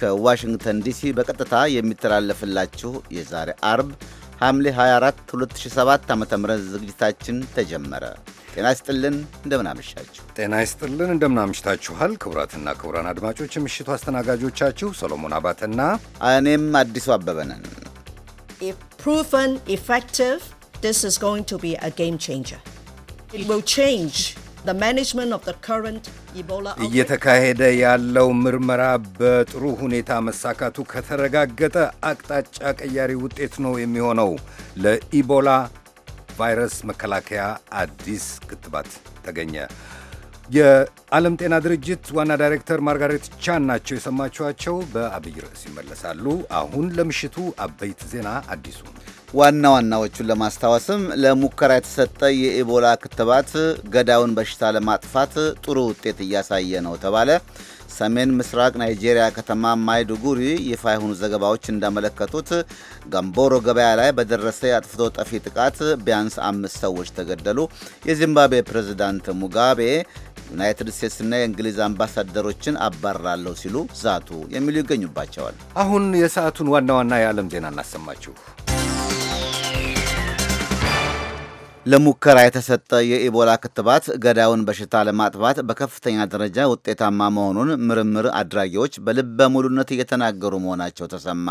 ከዋሽንግተን ዲሲ በቀጥታ የሚተላለፍላችሁ የዛሬ አርብ ሐምሌ 24 2007 ዓ ም ዝግጅታችን ተጀመረ። ጤና ይስጥልን እንደምናመሻችሁ። ጤና ይስጥልን እንደምናመሽታችኋል። ክቡራትና ክቡራን አድማጮች የምሽቱ አስተናጋጆቻችሁ ሰሎሞን አባተና እኔም አዲሱ አበበ ነን። ፕሩቨን ኢፌክቲቭ ዲስ ኢዝ ጎይንግ ቱ ቢ አ ጌም ቼንጀር ኢት ዊል ቼንጅ እየተካሄደ ያለው ምርመራ በጥሩ ሁኔታ መሳካቱ ከተረጋገጠ አቅጣጫ ቀያሪ ውጤት ነው የሚሆነው ለኢቦላ ቫይረስ መከላከያ አዲስ ክትባት ተገኘ። የዓለም ጤና ድርጅት ዋና ዳይሬክተር ማርጋሬት ቻን ናቸው የሰማችኋቸው። በአብይ ርዕስ ይመለሳሉ። አሁን ለምሽቱ አበይት ዜና አዲሱ ዋና ዋናዎቹን ለማስታወስም ለሙከራ የተሰጠ የኢቦላ ክትባት ገዳውን በሽታ ለማጥፋት ጥሩ ውጤት እያሳየ ነው ተባለ። ሰሜን ምስራቅ ናይጄሪያ ከተማ ማይዱጉሪ ይፋ የሆኑ ዘገባዎች እንዳመለከቱት ጋምቦሮ ገበያ ላይ በደረሰ የአጥፍቶ ጠፊ ጥቃት ቢያንስ አምስት ሰዎች ተገደሉ። የዚምባብዌ ፕሬዝዳንት ሙጋቤ ዩናይትድ ስቴትስና የእንግሊዝ አምባሳደሮችን አባራለሁ ሲሉ ዛቱ። የሚሉ ይገኙባቸዋል። አሁን የሰዓቱን ዋና ዋና የዓለም ዜና እናሰማችሁ። ለሙከራ የተሰጠ የኢቦላ ክትባት ገዳዩን በሽታ ለማጥፋት በከፍተኛ ደረጃ ውጤታማ መሆኑን ምርምር አድራጊዎች በልበ ሙሉነት እየተናገሩ መሆናቸው ተሰማ።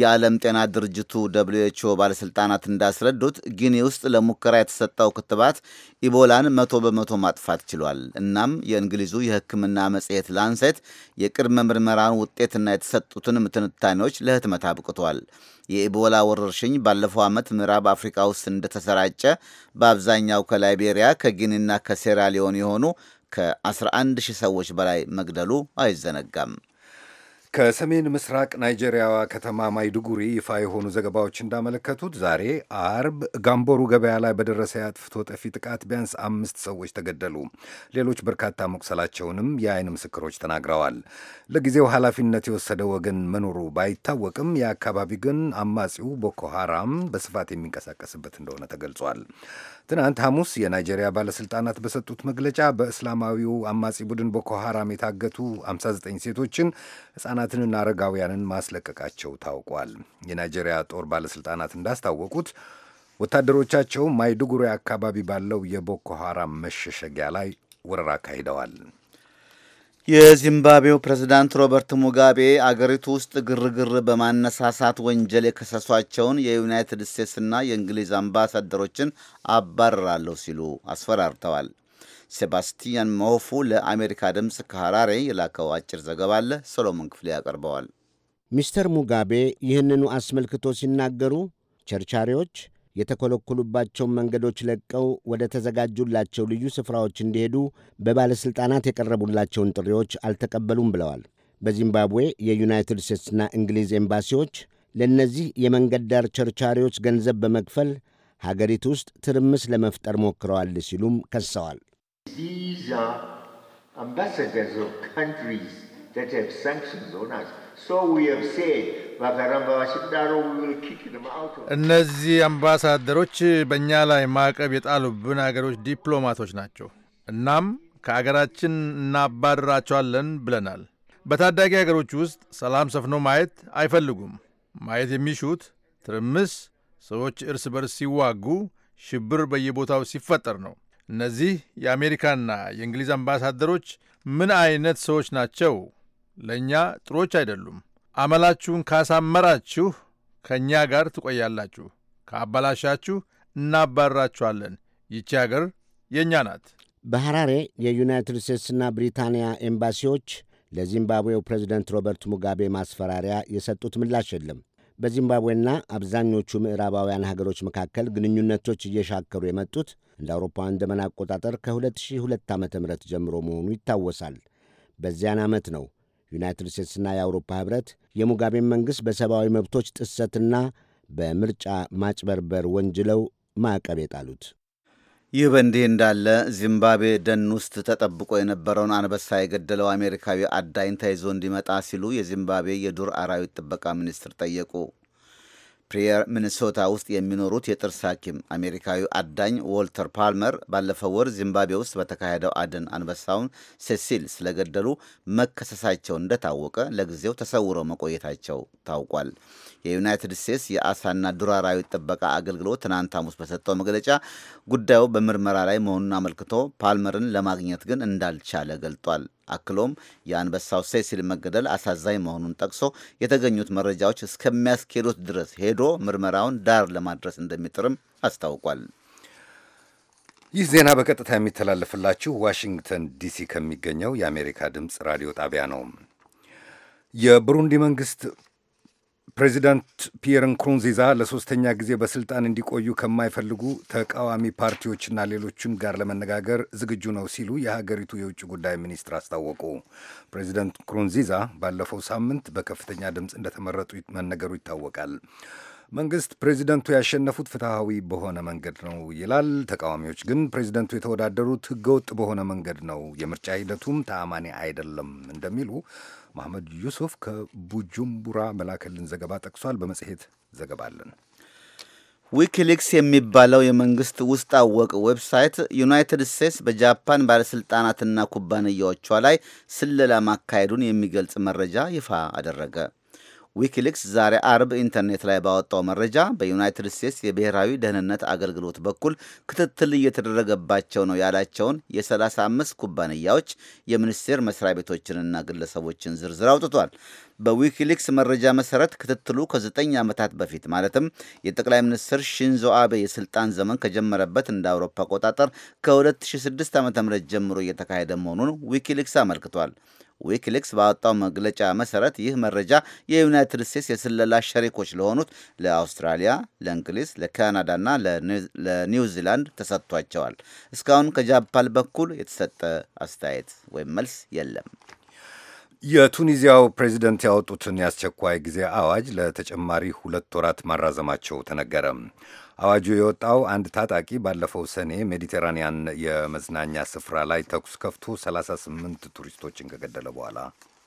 የዓለም ጤና ድርጅቱ ደብልዩ ኤች ኦ ባለሥልጣናት እንዳስረዱት ጊኒ ውስጥ ለሙከራ የተሰጠው ክትባት ኢቦላን መቶ በመቶ ማጥፋት ችሏል። እናም የእንግሊዙ የሕክምና መጽሔት ላንሴት የቅድመ ምርመራን ውጤትና የተሰጡትን ትንታኔዎች ለህትመት አብቅቷል። የኢቦላ ወረርሽኝ ባለፈው ዓመት ምዕራብ አፍሪካ ውስጥ እንደተሰራጨ በአብዛኛው ከላይቤሪያ ከጊኒና ከሴራሊዮን የሆኑ ከ11 ሺህ ሰዎች በላይ መግደሉ አይዘነጋም። ከሰሜን ምስራቅ ናይጄሪያዋ ከተማ ማይድጉሪ ይፋ የሆኑ ዘገባዎች እንዳመለከቱት ዛሬ አርብ ጋምቦሩ ገበያ ላይ በደረሰ የአጥፍቶ ጠፊ ጥቃት ቢያንስ አምስት ሰዎች ተገደሉ፣ ሌሎች በርካታ መቁሰላቸውንም የአይን ምስክሮች ተናግረዋል። ለጊዜው ኃላፊነት የወሰደ ወገን መኖሩ ባይታወቅም የአካባቢ ግን አማጺው ቦኮ ሃራም በስፋት የሚንቀሳቀስበት እንደሆነ ተገልጿል። ትናንት ሐሙስ የናይጄሪያ ባለሥልጣናት በሰጡት መግለጫ በእስላማዊው አማጺ ቡድን ቦኮ ሐራም የታገቱ 59 ሴቶችን ሕፃናትንና አረጋውያንን ማስለቀቃቸው ታውቋል። የናይጄሪያ ጦር ባለሥልጣናት እንዳስታወቁት ወታደሮቻቸው ማይዱጉሪ አካባቢ ባለው የቦኮ ሐራም መሸሸጊያ ላይ ወረራ አካሂደዋል። የዚምባብዌው ፕሬዝዳንት ሮበርት ሙጋቤ አገሪቱ ውስጥ ግርግር በማነሳሳት ወንጀል የከሰሷቸውን የዩናይትድ ስቴትስና የእንግሊዝ አምባሳደሮችን አባረራለሁ ሲሉ አስፈራርተዋል። ሴባስቲያን መሆፉ ለአሜሪካ ድምፅ ከሐራሬ የላከው አጭር ዘገባ አለ። ሰሎሞን ክፍሌ ያቀርበዋል። ሚስተር ሙጋቤ ይህንኑ አስመልክቶ ሲናገሩ ቸርቻሪዎች የተኮለኮሉባቸውን መንገዶች ለቀው ወደ ተዘጋጁላቸው ልዩ ስፍራዎች እንዲሄዱ በባለሥልጣናት የቀረቡላቸውን ጥሪዎች አልተቀበሉም ብለዋል። በዚምባብዌ የዩናይትድ ስቴትስና እንግሊዝ ኤምባሲዎች ለእነዚህ የመንገድ ዳር ቸርቻሪዎች ገንዘብ በመክፈል ሀገሪቱ ውስጥ ትርምስ ለመፍጠር ሞክረዋል ሲሉም ከሰዋል። These are ambassadors of countries that እነዚህ አምባሳደሮች በእኛ ላይ ማዕቀብ የጣሉብን አገሮች ዲፕሎማቶች ናቸው። እናም ከአገራችን እናባረራቸዋለን ብለናል። በታዳጊ አገሮች ውስጥ ሰላም ሰፍኖ ማየት አይፈልጉም። ማየት የሚሹት ትርምስ፣ ሰዎች እርስ በርስ ሲዋጉ፣ ሽብር በየቦታው ሲፈጠር ነው። እነዚህ የአሜሪካና የእንግሊዝ አምባሳደሮች ምን አይነት ሰዎች ናቸው? ለእኛ ጥሮች አይደሉም። አመላችሁን ካሳመራችሁ ከእኛ ጋር ትቆያላችሁ፣ ካበላሻችሁ እናባራችኋለን። ይቺ አገር የእኛ ናት። በሐራሬ የዩናይትድ ስቴትስና ብሪታንያ ኤምባሲዎች ለዚምባብዌው ፕሬዚደንት ሮበርት ሙጋቤ ማስፈራሪያ የሰጡት ምላሽ የለም። በዚምባብዌና አብዛኞቹ ምዕራባውያን ሀገሮች መካከል ግንኙነቶች እየሻከሩ የመጡት እንደ አውሮፓውያን ዘመን አቆጣጠር ከ2002 ዓ ም ጀምሮ መሆኑ ይታወሳል። በዚያን ዓመት ነው ዩናይትድ ስቴትስና የአውሮፓ ኅብረት የሙጋቤን መንግሥት በሰብአዊ መብቶች ጥሰትና በምርጫ ማጭበርበር ወንጅለው ማዕቀብ የጣሉት። ይህ በእንዲህ እንዳለ ዚምባብዌ ደን ውስጥ ተጠብቆ የነበረውን አንበሳ የገደለው አሜሪካዊ አዳኝ ተይዞ እንዲመጣ ሲሉ የዚምባብዌ የዱር አራዊት ጥበቃ ሚኒስትር ጠየቁ። ፕሪየር ሚኒሶታ ውስጥ የሚኖሩት የጥርስ ሐኪም አሜሪካዊ አዳኝ ዎልተር ፓልመር ባለፈው ወር ዚምባብዌ ውስጥ በተካሄደው አደን አንበሳውን ሴሲል ስለገደሉ መከሰሳቸው እንደታወቀ ለጊዜው ተሰውረው መቆየታቸው ታውቋል። የዩናይትድ ስቴትስ የአሳና ዱር አራዊት ጥበቃ አገልግሎት ትናንት ሐሙስ በሰጠው መግለጫ ጉዳዩ በምርመራ ላይ መሆኑን አመልክቶ ፓልመርን ለማግኘት ግን እንዳልቻለ ገልጧል። አክሎም የአንበሳው ሴሲል መገደል አሳዛኝ መሆኑን ጠቅሶ የተገኙት መረጃዎች እስከሚያስኬዱት ድረስ ሄዶ ምርመራውን ዳር ለማድረስ እንደሚጥርም አስታውቋል። ይህ ዜና በቀጥታ የሚተላለፍላችሁ ዋሽንግተን ዲሲ ከሚገኘው የአሜሪካ ድምፅ ራዲዮ ጣቢያ ነው። የብሩንዲ መንግስት ፕሬዚዳንት ፒየር ንኩሩንዚዛ ለሶስተኛ ጊዜ በስልጣን እንዲቆዩ ከማይፈልጉ ተቃዋሚ ፓርቲዎችና ሌሎችም ጋር ለመነጋገር ዝግጁ ነው ሲሉ የሀገሪቱ የውጭ ጉዳይ ሚኒስትር አስታወቁ። ፕሬዚዳንት ንኩሩንዚዛ ባለፈው ሳምንት በከፍተኛ ድምፅ እንደተመረጡ መነገሩ ይታወቃል። መንግስት ፕሬዚደንቱ ያሸነፉት ፍትሐዊ በሆነ መንገድ ነው ይላል። ተቃዋሚዎች ግን ፕሬዚደንቱ የተወዳደሩት ህገወጥ በሆነ መንገድ ነው፣ የምርጫ ሂደቱም ተአማኒ አይደለም እንደሚሉ መሐመድ ዩሱፍ ከቡጁምቡራ መላከልን ዘገባ ጠቅሷል። በመጽሔት ዘገባ አለን። ዊኪሊክስ የሚባለው የመንግስት ውስጥ አወቅ ዌብሳይት ዩናይትድ ስቴትስ በጃፓን ባለሥልጣናትና ኩባንያዎቿ ላይ ስለላ ማካሄዱን የሚገልጽ መረጃ ይፋ አደረገ። ዊኪሊክስ ዛሬ አርብ ኢንተርኔት ላይ ባወጣው መረጃ በዩናይትድ ስቴትስ የብሔራዊ ደህንነት አገልግሎት በኩል ክትትል እየተደረገባቸው ነው ያላቸውን የ35 ኩባንያዎች የሚኒስቴር መስሪያ ቤቶችንና ግለሰቦችን ዝርዝር አውጥቷል። በዊኪሊክስ መረጃ መሰረት ክትትሉ ከዘጠኝ ዓመታት በፊት ማለትም የጠቅላይ ሚኒስትር ሺንዞ አቤ የስልጣን ዘመን ከጀመረበት እንደ አውሮፓ አቆጣጠር ከ2006 ዓ ም ጀምሮ እየተካሄደ መሆኑን ዊኪሊክስ አመልክቷል። ዊኪሊክስ ባወጣው መግለጫ መሰረት ይህ መረጃ የዩናይትድ ስቴትስ የስለላ ሸሪኮች ለሆኑት ለአውስትራሊያ፣ ለእንግሊዝ፣ ለካናዳና ለኒውዚላንድ ተሰጥቷቸዋል። እስካሁን ከጃፓን በኩል የተሰጠ አስተያየት ወይም መልስ የለም። የቱኒዚያው ፕሬዚደንት ያወጡትን የአስቸኳይ ጊዜ አዋጅ ለተጨማሪ ሁለት ወራት ማራዘማቸው ተነገረ። አዋጁ የወጣው አንድ ታጣቂ ባለፈው ሰኔ ሜዲቴራንያን የመዝናኛ ስፍራ ላይ ተኩስ ከፍቶ 38 ቱሪስቶችን ከገደለ በኋላ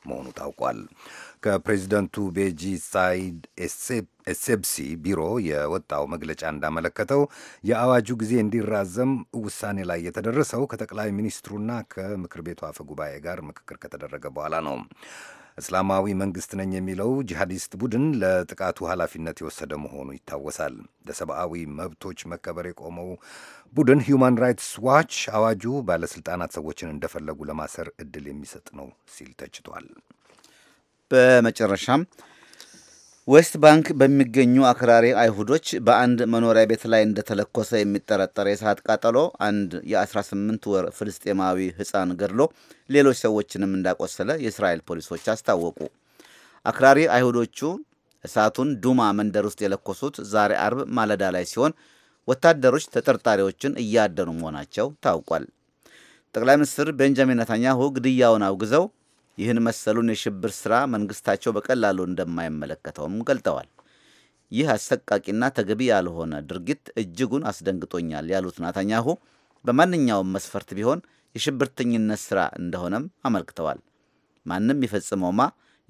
መሆኑ ታውቋል። ከፕሬዚደንቱ ቤጂ ሳይድ ኤሴብሲ ቢሮ የወጣው መግለጫ እንዳመለከተው የአዋጁ ጊዜ እንዲራዘም ውሳኔ ላይ የተደረሰው ከጠቅላይ ሚኒስትሩና ከምክር ቤቱ አፈ ጉባኤ ጋር ምክክር ከተደረገ በኋላ ነው። እስላማዊ መንግስት ነኝ የሚለው ጂሃዲስት ቡድን ለጥቃቱ ኃላፊነት የወሰደ መሆኑ ይታወሳል። ለሰብአዊ መብቶች መከበር የቆመው ቡድን ሂዩማን ራይትስ ዋች አዋጁ ባለስልጣናት ሰዎችን እንደፈለጉ ለማሰር እድል የሚሰጥ ነው ሲል ተችቷል። በመጨረሻም ዌስት ባንክ በሚገኙ አክራሪ አይሁዶች በአንድ መኖሪያ ቤት ላይ እንደተለኮሰ የሚጠረጠር የእሳት ቃጠሎ አንድ የ18 ወር ፍልስጤማዊ ሕፃን ገድሎ ሌሎች ሰዎችንም እንዳቆሰለ የእስራኤል ፖሊሶች አስታወቁ። አክራሪ አይሁዶቹ እሳቱን ዱማ መንደር ውስጥ የለኮሱት ዛሬ አርብ ማለዳ ላይ ሲሆን ወታደሮች ተጠርጣሪዎችን እያደኑ መሆናቸው ታውቋል። ጠቅላይ ሚኒስትር ቤንጃሚን ነታንያሁ ግድያውን አውግዘው ይህን መሰሉን የሽብር ሥራ መንግሥታቸው በቀላሉ እንደማይመለከተውም ገልጠዋል። ይህ አሰቃቂና ተገቢ ያልሆነ ድርጊት እጅጉን አስደንግጦኛል ያሉት ናታኛሁ በማንኛውም መስፈርት ቢሆን የሽብርተኝነት ሥራ እንደሆነም አመልክተዋል። ማንም የፈጽመውማ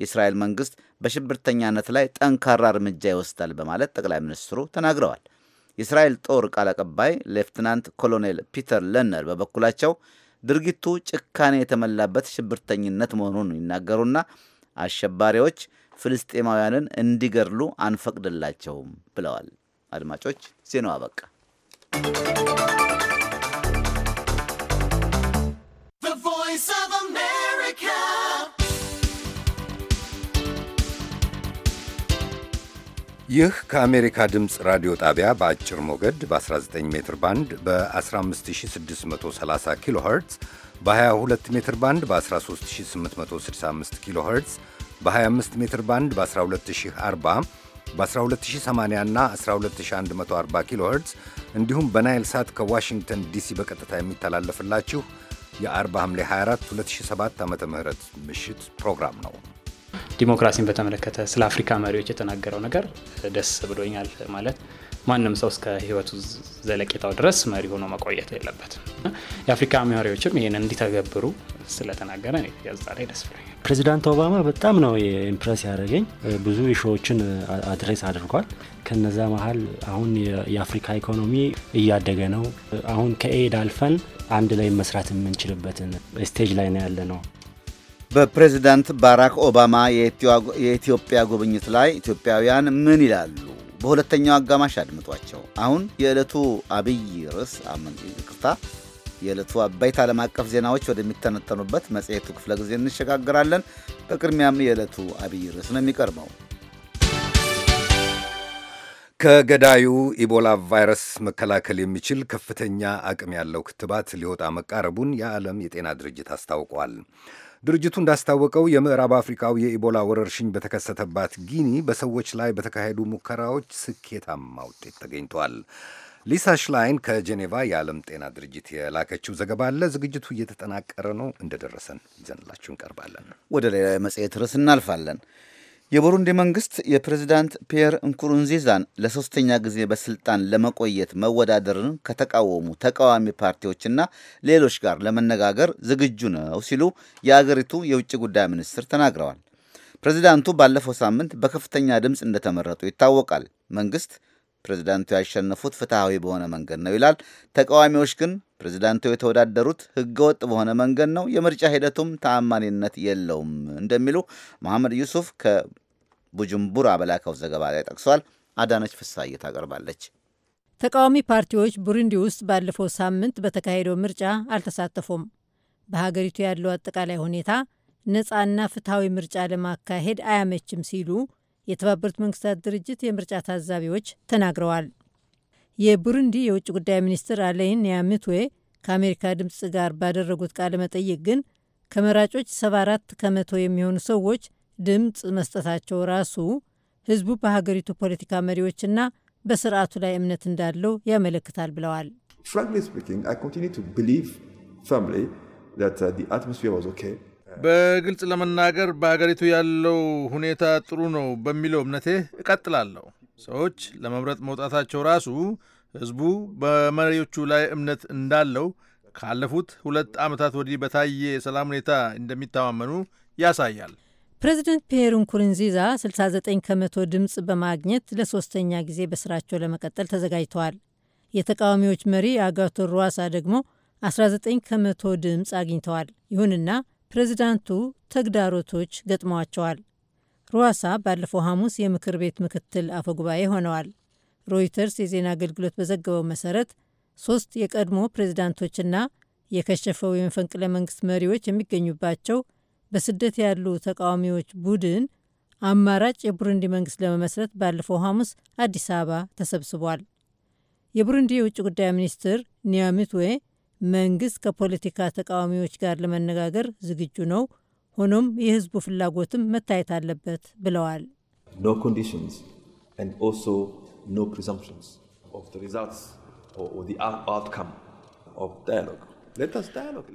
የእስራኤል መንግሥት በሽብርተኛነት ላይ ጠንካራ እርምጃ ይወስዳል በማለት ጠቅላይ ሚኒስትሩ ተናግረዋል። የእስራኤል ጦር ቃል አቀባይ ሌፍትናንት ኮሎኔል ፒተር ለነር በበኩላቸው ድርጊቱ ጭካኔ የተመላበት ሽብርተኝነት መሆኑን ይናገሩና አሸባሪዎች ፍልስጤማውያንን እንዲገድሉ አንፈቅድላቸውም ብለዋል። አድማጮች ዜናው አበቃ። ይህ ከአሜሪካ ድምፅ ራዲዮ ጣቢያ በአጭር ሞገድ በ19 ሜትር ባንድ በ15630 ኪሎ ኸርትዝ በ22 ሜትር ባንድ በ13865 ኪሎ ኸርትዝ በ25 ሜትር ባንድ በ12040 በ12080 እና 12140 ኪሎ ኸርትዝ እንዲሁም በናይል ሳት ከዋሽንግተን ዲሲ በቀጥታ የሚተላለፍላችሁ የአርባ ሐምሌ 24 2007 ዓ ም ምሽት ፕሮግራም ነው። ዲሞክራሲን በተመለከተ ስለ አፍሪካ መሪዎች የተናገረው ነገር ደስ ብሎኛል። ማለት ማንም ሰው እስከ ህይወቱ ዘለቄታው ድረስ መሪ ሆኖ መቆየት የለበትም። የአፍሪካ መሪዎችም ይህን እንዲተገብሩ ስለተናገረ ላይ ደስ ብሎኛል። ፕሬዚዳንት ኦባማ በጣም ነው የኢምፕረስ ያደረገኝ። ብዙ ሾዎችን አድሬስ አድርጓል። ከነዛ መሀል አሁን የአፍሪካ ኢኮኖሚ እያደገ ነው። አሁን ከኤድ አልፈን አንድ ላይ መስራት የምንችልበትን ስቴጅ ላይ ነው ያለ ነው በፕሬዚዳንት ባራክ ኦባማ የኢትዮጵያ ጉብኝት ላይ ኢትዮጵያውያን ምን ይላሉ? በሁለተኛው አጋማሽ አድምጧቸው። አሁን የዕለቱ አብይ ርዕስ ይቅርታ፣ የዕለቱ አበይት ዓለም አቀፍ ዜናዎች ወደሚተነተኑበት መጽሔቱ ክፍለ ጊዜ እንሸጋግራለን። በቅድሚያም የዕለቱ አብይ ርዕስ ነው የሚቀርበው። ከገዳዩ ኢቦላ ቫይረስ መከላከል የሚችል ከፍተኛ አቅም ያለው ክትባት ሊወጣ መቃረቡን የዓለም የጤና ድርጅት አስታውቋል። ድርጅቱ እንዳስታወቀው የምዕራብ አፍሪካው የኢቦላ ወረርሽኝ በተከሰተባት ጊኒ በሰዎች ላይ በተካሄዱ ሙከራዎች ስኬታማ ውጤት ተገኝቷል። ሊሳ ሽላይን ከጄኔቫ የዓለም ጤና ድርጅት የላከችው ዘገባ አለ። ዝግጅቱ እየተጠናቀረ ነው። እንደደረሰን ይዘንላችሁ እንቀርባለን። ወደ ሌላ የመጽሔት ርዕስ እናልፋለን። የቡሩንዲ መንግስት የፕሬዚዳንት ፒየር እንኩሩንዚዛን ለሶስተኛ ጊዜ በስልጣን ለመቆየት መወዳደርን ከተቃወሙ ተቃዋሚ ፓርቲዎችና ሌሎች ጋር ለመነጋገር ዝግጁ ነው ሲሉ የአገሪቱ የውጭ ጉዳይ ሚኒስትር ተናግረዋል። ፕሬዚዳንቱ ባለፈው ሳምንት በከፍተኛ ድምፅ እንደተመረጡ ይታወቃል። መንግስት ፕሬዚዳንቱ ያሸነፉት ፍትሐዊ በሆነ መንገድ ነው ይላል። ተቃዋሚዎች ግን ፕሬዚዳንቱ የተወዳደሩት ህገወጥ በሆነ መንገድ ነው፣ የምርጫ ሂደቱም ተአማኒነት የለውም እንደሚሉ መሐመድ ዩሱፍ ከቡጅምቡራ በላከው ዘገባ ላይ ጠቅሷል። አዳነች ፍሳዬ ታቀርባለች። ተቃዋሚ ፓርቲዎች ቡሩንዲ ውስጥ ባለፈው ሳምንት በተካሄደው ምርጫ አልተሳተፉም። በሀገሪቱ ያለው አጠቃላይ ሁኔታ ነፃና ፍትሐዊ ምርጫ ለማካሄድ አያመችም ሲሉ የተባበሩት መንግስታት ድርጅት የምርጫ ታዛቢዎች ተናግረዋል። የቡሩንዲ የውጭ ጉዳይ ሚኒስትር አለይን ኒያምትዌ ከአሜሪካ ድምፅ ጋር ባደረጉት ቃለ መጠይቅ ግን ከመራጮች 74 ከመቶ የሚሆኑ ሰዎች ድምፅ መስጠታቸው ራሱ ህዝቡ በሀገሪቱ ፖለቲካ መሪዎችና በስርዓቱ ላይ እምነት እንዳለው ያመለክታል ብለዋል። ፍራንክሊ ስፒኪንግ አይ ኮንቲኒ ቱ ቢሊቭ ፈርምሊ ዛት ዘ አትሞስፌር ዋዝ ኦኬ በግልጽ ለመናገር በሀገሪቱ ያለው ሁኔታ ጥሩ ነው በሚለው እምነቴ እቀጥላለሁ። ሰዎች ለመምረጥ መውጣታቸው ራሱ ሕዝቡ በመሪዎቹ ላይ እምነት እንዳለው ካለፉት ሁለት ዓመታት ወዲህ በታየ የሰላም ሁኔታ እንደሚተማመኑ ያሳያል። ፕሬዚደንት ፒየር ንኩሩንዚዛ 69 ከመቶ ድምፅ በማግኘት ለሶስተኛ ጊዜ በስራቸው ለመቀጠል ተዘጋጅተዋል። የተቃዋሚዎች መሪ አጋቶ ሩዋሳ ደግሞ 19 ከመቶ ድምፅ አግኝተዋል። ይሁንና ፕሬዚዳንቱ ተግዳሮቶች ገጥመዋቸዋል። ሩዋሳ ባለፈው ሐሙስ የምክር ቤት ምክትል አፈጉባኤ ሆነዋል። ሮይተርስ የዜና አገልግሎት በዘገበው መሰረት ሶስት የቀድሞ ፕሬዚዳንቶችና የከሸፈው የመፈንቅለ መንግስት መሪዎች የሚገኙባቸው በስደት ያሉ ተቃዋሚዎች ቡድን አማራጭ የቡሩንዲ መንግስት ለመመስረት ባለፈው ሐሙስ አዲስ አበባ ተሰብስቧል። የቡሩንዲ የውጭ ጉዳይ ሚኒስትር ኒያሚትዌ መንግስት ከፖለቲካ ተቃዋሚዎች ጋር ለመነጋገር ዝግጁ ነው፣ ሆኖም የህዝቡ ፍላጎትም መታየት አለበት ብለዋል።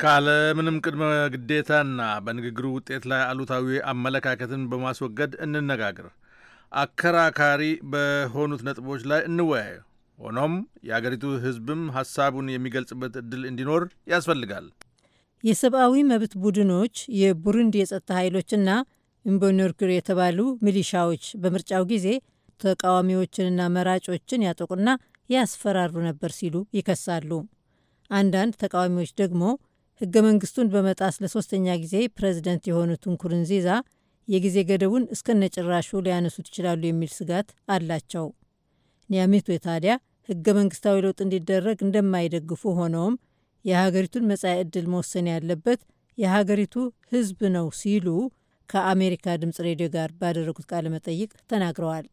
ካለ ምንም ቅድመ ግዴታና በንግግሩ ውጤት ላይ አሉታዊ አመለካከትን በማስወገድ እንነጋገር። አከራካሪ በሆኑት ነጥቦች ላይ እንወያዩ። ሆኖም የአገሪቱ ሕዝብም ሐሳቡን የሚገልጽበት ዕድል እንዲኖር ያስፈልጋል። የሰብአዊ መብት ቡድኖች የቡሩንዲ የጸጥታ ኃይሎችና ኢምቦኖርግር የተባሉ ሚሊሻዎች በምርጫው ጊዜ ተቃዋሚዎችንና መራጮችን ያጠቁና ያስፈራሩ ነበር ሲሉ ይከሳሉ። አንዳንድ ተቃዋሚዎች ደግሞ ህገ መንግስቱን በመጣስ ለሶስተኛ ጊዜ ፕሬዝደንት የሆኑት ንኩሩንዚዛ የጊዜ ገደቡን እስከነጭራሹ ሊያነሱት ይችላሉ የሚል ስጋት አላቸው። ኒያሚቶ ታዲያ ህገ መንግስታዊ ለውጥ እንዲደረግ እንደማይደግፉ ሆነውም የሀገሪቱን መጻኢ ዕድል መወሰን ያለበት የሀገሪቱ ህዝብ ነው ሲሉ ከአሜሪካ ድምፅ ሬዲዮ ጋር ባደረጉት ቃለ መጠይቅ ተናግረዋል።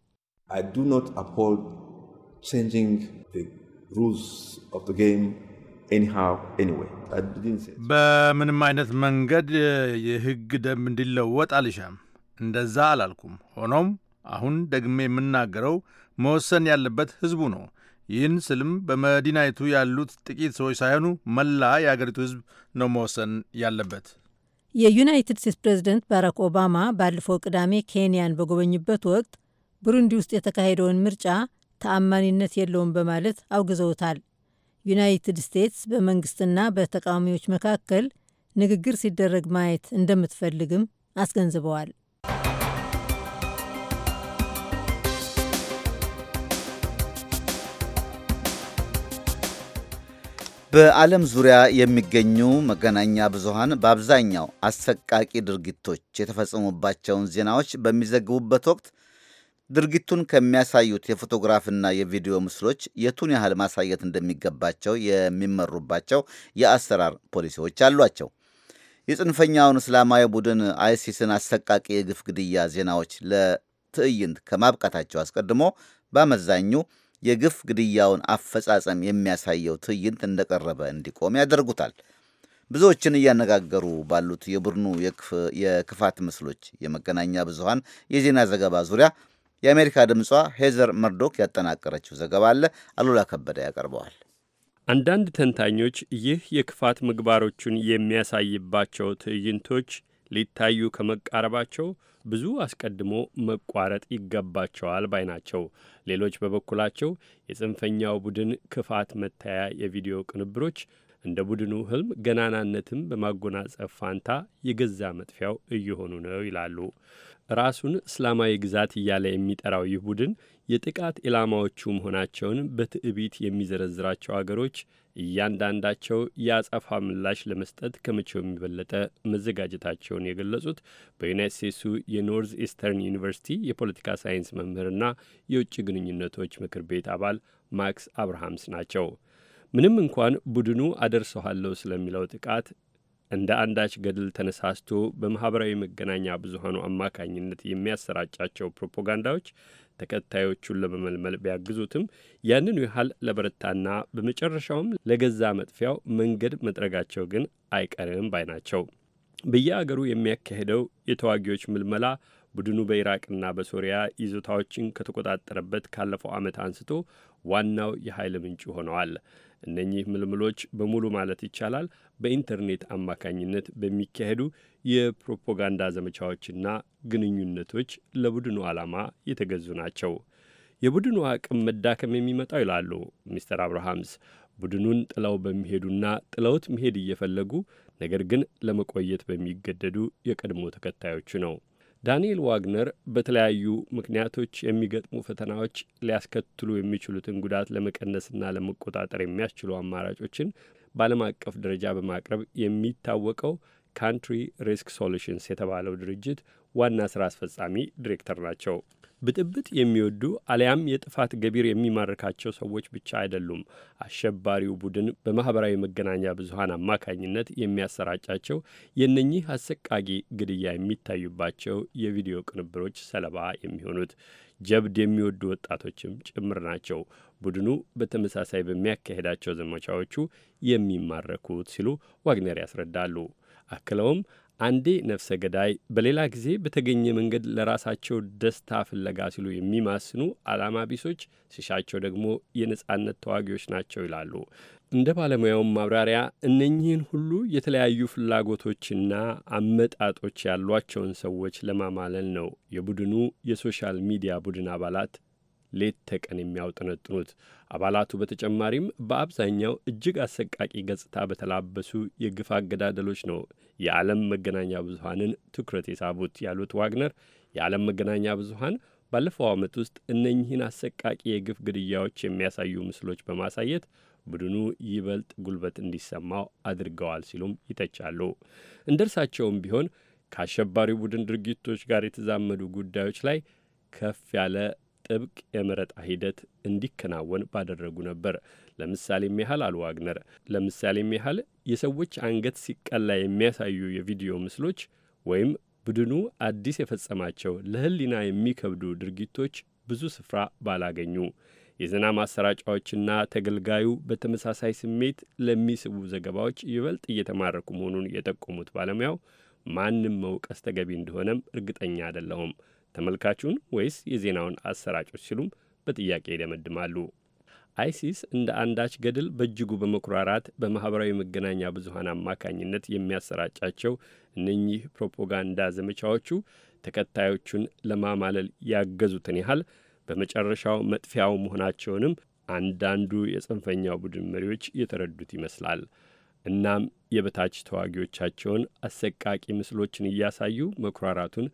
በምንም አይነት መንገድ የህግ ደንብ እንዲለወጥ አልሻም፣ እንደዛ አላልኩም። ሆኖም አሁን ደግሜ የምናገረው መወሰን ያለበት ህዝቡ ነው። ይህን ስልም በመዲናይቱ ያሉት ጥቂት ሰዎች ሳይሆኑ መላ የአገሪቱ ህዝብ ነው መወሰን ያለበት። የዩናይትድ ስቴትስ ፕሬዝደንት ባራክ ኦባማ ባለፈው ቅዳሜ ኬንያን በጎበኙበት ወቅት ብሩንዲ ውስጥ የተካሄደውን ምርጫ ተአማኒነት የለውም በማለት አውግዘውታል። ዩናይትድ ስቴትስ በመንግስትና በተቃዋሚዎች መካከል ንግግር ሲደረግ ማየት እንደምትፈልግም አስገንዝበዋል። በዓለም ዙሪያ የሚገኙ መገናኛ ብዙሃን በአብዛኛው አሰቃቂ ድርጊቶች የተፈጸሙባቸውን ዜናዎች በሚዘግቡበት ወቅት ድርጊቱን ከሚያሳዩት የፎቶግራፍና የቪዲዮ ምስሎች የቱን ያህል ማሳየት እንደሚገባቸው የሚመሩባቸው የአሰራር ፖሊሲዎች አሏቸው። የጽንፈኛውን እስላማዊ ቡድን አይሲስን አሰቃቂ የግፍ ግድያ ዜናዎች ለትዕይንት ከማብቃታቸው አስቀድሞ በአመዛኙ የግፍ ግድያውን አፈጻጸም የሚያሳየው ትዕይንት እንደቀረበ እንዲቆም ያደርጉታል። ብዙዎችን እያነጋገሩ ባሉት የቡድኑ የክፋት ምስሎች የመገናኛ ብዙሃን የዜና ዘገባ ዙሪያ የአሜሪካ ድምጿ ሄዘር መርዶክ ያጠናቀረችው ዘገባ አለ። አሉላ ከበደ ያቀርበዋል። አንዳንድ ተንታኞች ይህ የክፋት ምግባሮቹን የሚያሳይባቸው ትዕይንቶች ሊታዩ ከመቃረባቸው ብዙ አስቀድሞ መቋረጥ ይገባቸዋል ባይ ናቸው። ሌሎች በበኩላቸው የጽንፈኛው ቡድን ክፋት መታያ የቪዲዮ ቅንብሮች እንደ ቡድኑ ህልም ገናናነትም በማጎናጸፍ ፋንታ የገዛ መጥፊያው እየሆኑ ነው ይላሉ። ራሱን እስላማዊ ግዛት እያለ የሚጠራው ይህ ቡድን የጥቃት ኢላማዎቹ መሆናቸውን በትዕቢት የሚዘረዝራቸው አገሮች እያንዳንዳቸው የአጸፋ ምላሽ ለመስጠት ከመቼው የሚበለጠ መዘጋጀታቸውን የገለጹት በዩናይት ስቴትሱ የኖርዝ ኢስተርን ዩኒቨርሲቲ የፖለቲካ ሳይንስ መምህርና የውጭ ግንኙነቶች ምክር ቤት አባል ማክስ አብርሃምስ ናቸው። ምንም እንኳን ቡድኑ አደርሰኋለሁ ስለሚለው ጥቃት እንደ አንዳች ገድል ተነሳስቶ በማኅበራዊ መገናኛ ብዙሀኑ አማካኝነት የሚያሰራጫቸው ፕሮፓጋንዳዎች ተከታዮቹን ለመመልመል ቢያግዙትም ያንኑ ያህል ለበረታና በመጨረሻውም ለገዛ መጥፊያው መንገድ መጥረጋቸው ግን አይቀርም ባይ ናቸው። በየአገሩ የሚያካሄደው የተዋጊዎች ምልመላ ቡድኑ በኢራቅና በሶሪያ ይዞታዎችን ከተቆጣጠረበት ካለፈው ዓመት አንስቶ ዋናው የኃይል ምንጭ ሆነዋል። እነኚህ ምልምሎች በሙሉ ማለት ይቻላል በኢንተርኔት አማካኝነት በሚካሄዱ የፕሮፓጋንዳ ዘመቻዎችና ግንኙነቶች ለቡድኑ ዓላማ የተገዙ ናቸው። የቡድኑ አቅም መዳከም የሚመጣው ይላሉ ሚስተር አብርሃምስ ቡድኑን ጥለው በሚሄዱና ጥለውት መሄድ እየፈለጉ ነገር ግን ለመቆየት በሚገደዱ የቀድሞ ተከታዮቹ ነው። ዳንኤል ዋግነር በተለያዩ ምክንያቶች የሚገጥሙ ፈተናዎች ሊያስከትሉ የሚችሉትን ጉዳት ለመቀነስና ለመቆጣጠር የሚያስችሉ አማራጮችን በዓለም አቀፍ ደረጃ በማቅረብ የሚታወቀው ካንትሪ ሪስክ ሶሉሽንስ የተባለው ድርጅት ዋና ስራ አስፈጻሚ ዲሬክተር ናቸው። ብጥብጥ የሚወዱ አሊያም የጥፋት ገቢር የሚማርካቸው ሰዎች ብቻ አይደሉም። አሸባሪው ቡድን በማኅበራዊ መገናኛ ብዙሀን አማካኝነት የሚያሰራጫቸው የእነኚህ አሰቃቂ ግድያ የሚታዩባቸው የቪዲዮ ቅንብሮች ሰለባ የሚሆኑት ጀብድ የሚወዱ ወጣቶችም ጭምር ናቸው። ቡድኑ በተመሳሳይ በሚያካሄዳቸው ዘመቻዎቹ የሚማረኩት ሲሉ ዋግነር ያስረዳሉ። አክለውም አንዴ ነፍሰ ገዳይ በሌላ ጊዜ በተገኘ መንገድ ለራሳቸው ደስታ ፍለጋ ሲሉ የሚማስኑ አላማ ቢሶች፣ ሲሻቸው ደግሞ የነጻነት ተዋጊዎች ናቸው ይላሉ። እንደ ባለሙያውም ማብራሪያ እነኚህን ሁሉ የተለያዩ ፍላጎቶችና አመጣጦች ያሏቸውን ሰዎች ለማማለል ነው የቡድኑ የሶሻል ሚዲያ ቡድን አባላት ሌት ተቀን የሚያውጠነጥኑት አባላቱ በተጨማሪም በአብዛኛው እጅግ አሰቃቂ ገጽታ በተላበሱ የግፍ አገዳደሎች ነው የዓለም መገናኛ ብዙሀንን ትኩረት የሳቡት ያሉት ዋግነር የዓለም መገናኛ ብዙሀን ባለፈው ዓመት ውስጥ እነኚህን አሰቃቂ የግፍ ግድያዎች የሚያሳዩ ምስሎች በማሳየት ቡድኑ ይበልጥ ጉልበት እንዲሰማው አድርገዋል ሲሉም ይተቻሉ። እንደ እርሳቸውም ቢሆን ከአሸባሪው ቡድን ድርጊቶች ጋር የተዛመዱ ጉዳዮች ላይ ከፍ ያለ ጥብቅ የመረጣ ሂደት እንዲከናወን ባደረጉ ነበር። ለምሳሌም ያህል አሉ ዋግነር፣ ለምሳሌም ያህል የሰዎች አንገት ሲቀላ የሚያሳዩ የቪዲዮ ምስሎች ወይም ቡድኑ አዲስ የፈጸማቸው ለሕሊና የሚከብዱ ድርጊቶች ብዙ ስፍራ ባላገኙ የዜና ማሰራጫዎችና ተገልጋዩ በተመሳሳይ ስሜት ለሚስቡ ዘገባዎች ይበልጥ እየተማረኩ መሆኑን የጠቆሙት ባለሙያው ማንም መውቀስ ተገቢ እንደሆነም እርግጠኛ አይደለሁም፣ ተመልካቹን ወይስ የዜናውን አሰራጮች ሲሉም በጥያቄ ይደመድማሉ። አይሲስ እንደ አንዳች ገድል በእጅጉ በመኩራራት በማኅበራዊ መገናኛ ብዙሀን አማካኝነት የሚያሰራጫቸው እነኚህ ፕሮፓጋንዳ ዘመቻዎቹ ተከታዮቹን ለማማለል ያገዙትን ያህል በመጨረሻው መጥፊያው መሆናቸውንም አንዳንዱ የጽንፈኛው ቡድን መሪዎች የተረዱት ይመስላል። እናም የበታች ተዋጊዎቻቸውን አሰቃቂ ምስሎችን እያሳዩ መኩራራቱን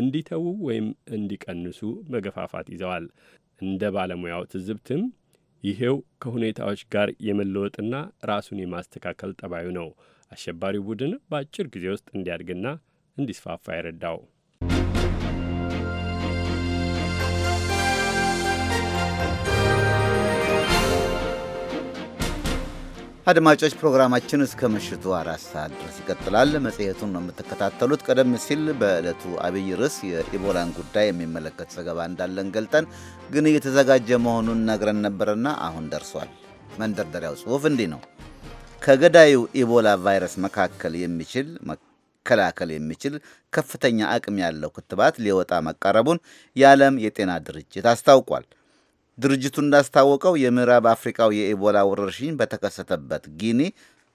እንዲተዉ ወይም እንዲቀንሱ መገፋፋት ይዘዋል። እንደ ባለሙያው ትዝብትም ይሄው ከሁኔታዎች ጋር የመለወጥና ራሱን የማስተካከል ጠባዩ ነው አሸባሪው ቡድን በአጭር ጊዜ ውስጥ እንዲያድግና እንዲስፋፋ የረዳው። አድማጮች ፕሮግራማችን እስከ ምሽቱ አራት ሰዓት ድረስ ይቀጥላል። መጽሔቱን ነው የምትከታተሉት። ቀደም ሲል በዕለቱ አብይ ርዕስ የኢቦላን ጉዳይ የሚመለከት ዘገባ እንዳለን ገልጠን ግን እየተዘጋጀ መሆኑን ነግረን ነበርና አሁን ደርሷል። መንደርደሪያው ጽሑፍ እንዲህ ነው። ከገዳዩ ኢቦላ ቫይረስ መካከል የሚችል መከላከል የሚችል ከፍተኛ አቅም ያለው ክትባት ሊወጣ መቃረቡን የዓለም የጤና ድርጅት አስታውቋል። ድርጅቱ እንዳስታወቀው የምዕራብ አፍሪካው የኢቦላ ወረርሽኝ በተከሰተበት ጊኒ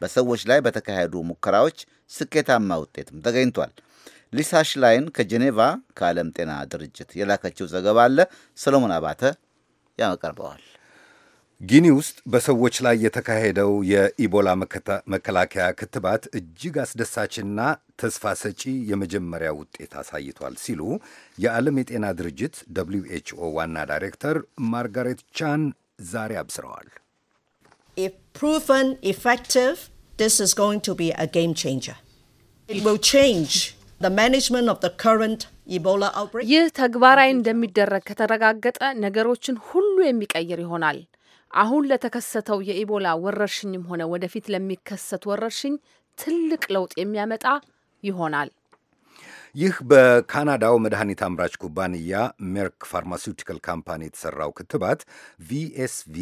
በሰዎች ላይ በተካሄዱ ሙከራዎች ስኬታማ ውጤትም ተገኝቷል። ሊሳ ሽላይን ከጄኔቫ ከዓለም ጤና ድርጅት የላከችው ዘገባ አለ። ሰሎሞን አባተ ያቀርበዋል። ጊኒ ውስጥ በሰዎች ላይ የተካሄደው የኢቦላ መከላከያ ክትባት እጅግ አስደሳችና ተስፋ ሰጪ የመጀመሪያ ውጤት አሳይቷል ሲሉ የዓለም የጤና ድርጅት ደብሊው ኤች ኦ ዋና ዳይሬክተር ማርጋሬት ቻን ዛሬ አብስረዋል። ጌም ይህ ተግባራዊ እንደሚደረግ ከተረጋገጠ ነገሮችን ሁሉ የሚቀይር ይሆናል። አሁን ለተከሰተው የኢቦላ ወረርሽኝም ሆነ ወደፊት ለሚከሰት ወረርሽኝ ትልቅ ለውጥ የሚያመጣ ይሆናል። ይህ በካናዳው መድኃኒት አምራች ኩባንያ ሜርክ ፋርማሲውቲካል ካምፓኒ የተሠራው ክትባት ቪኤስቪ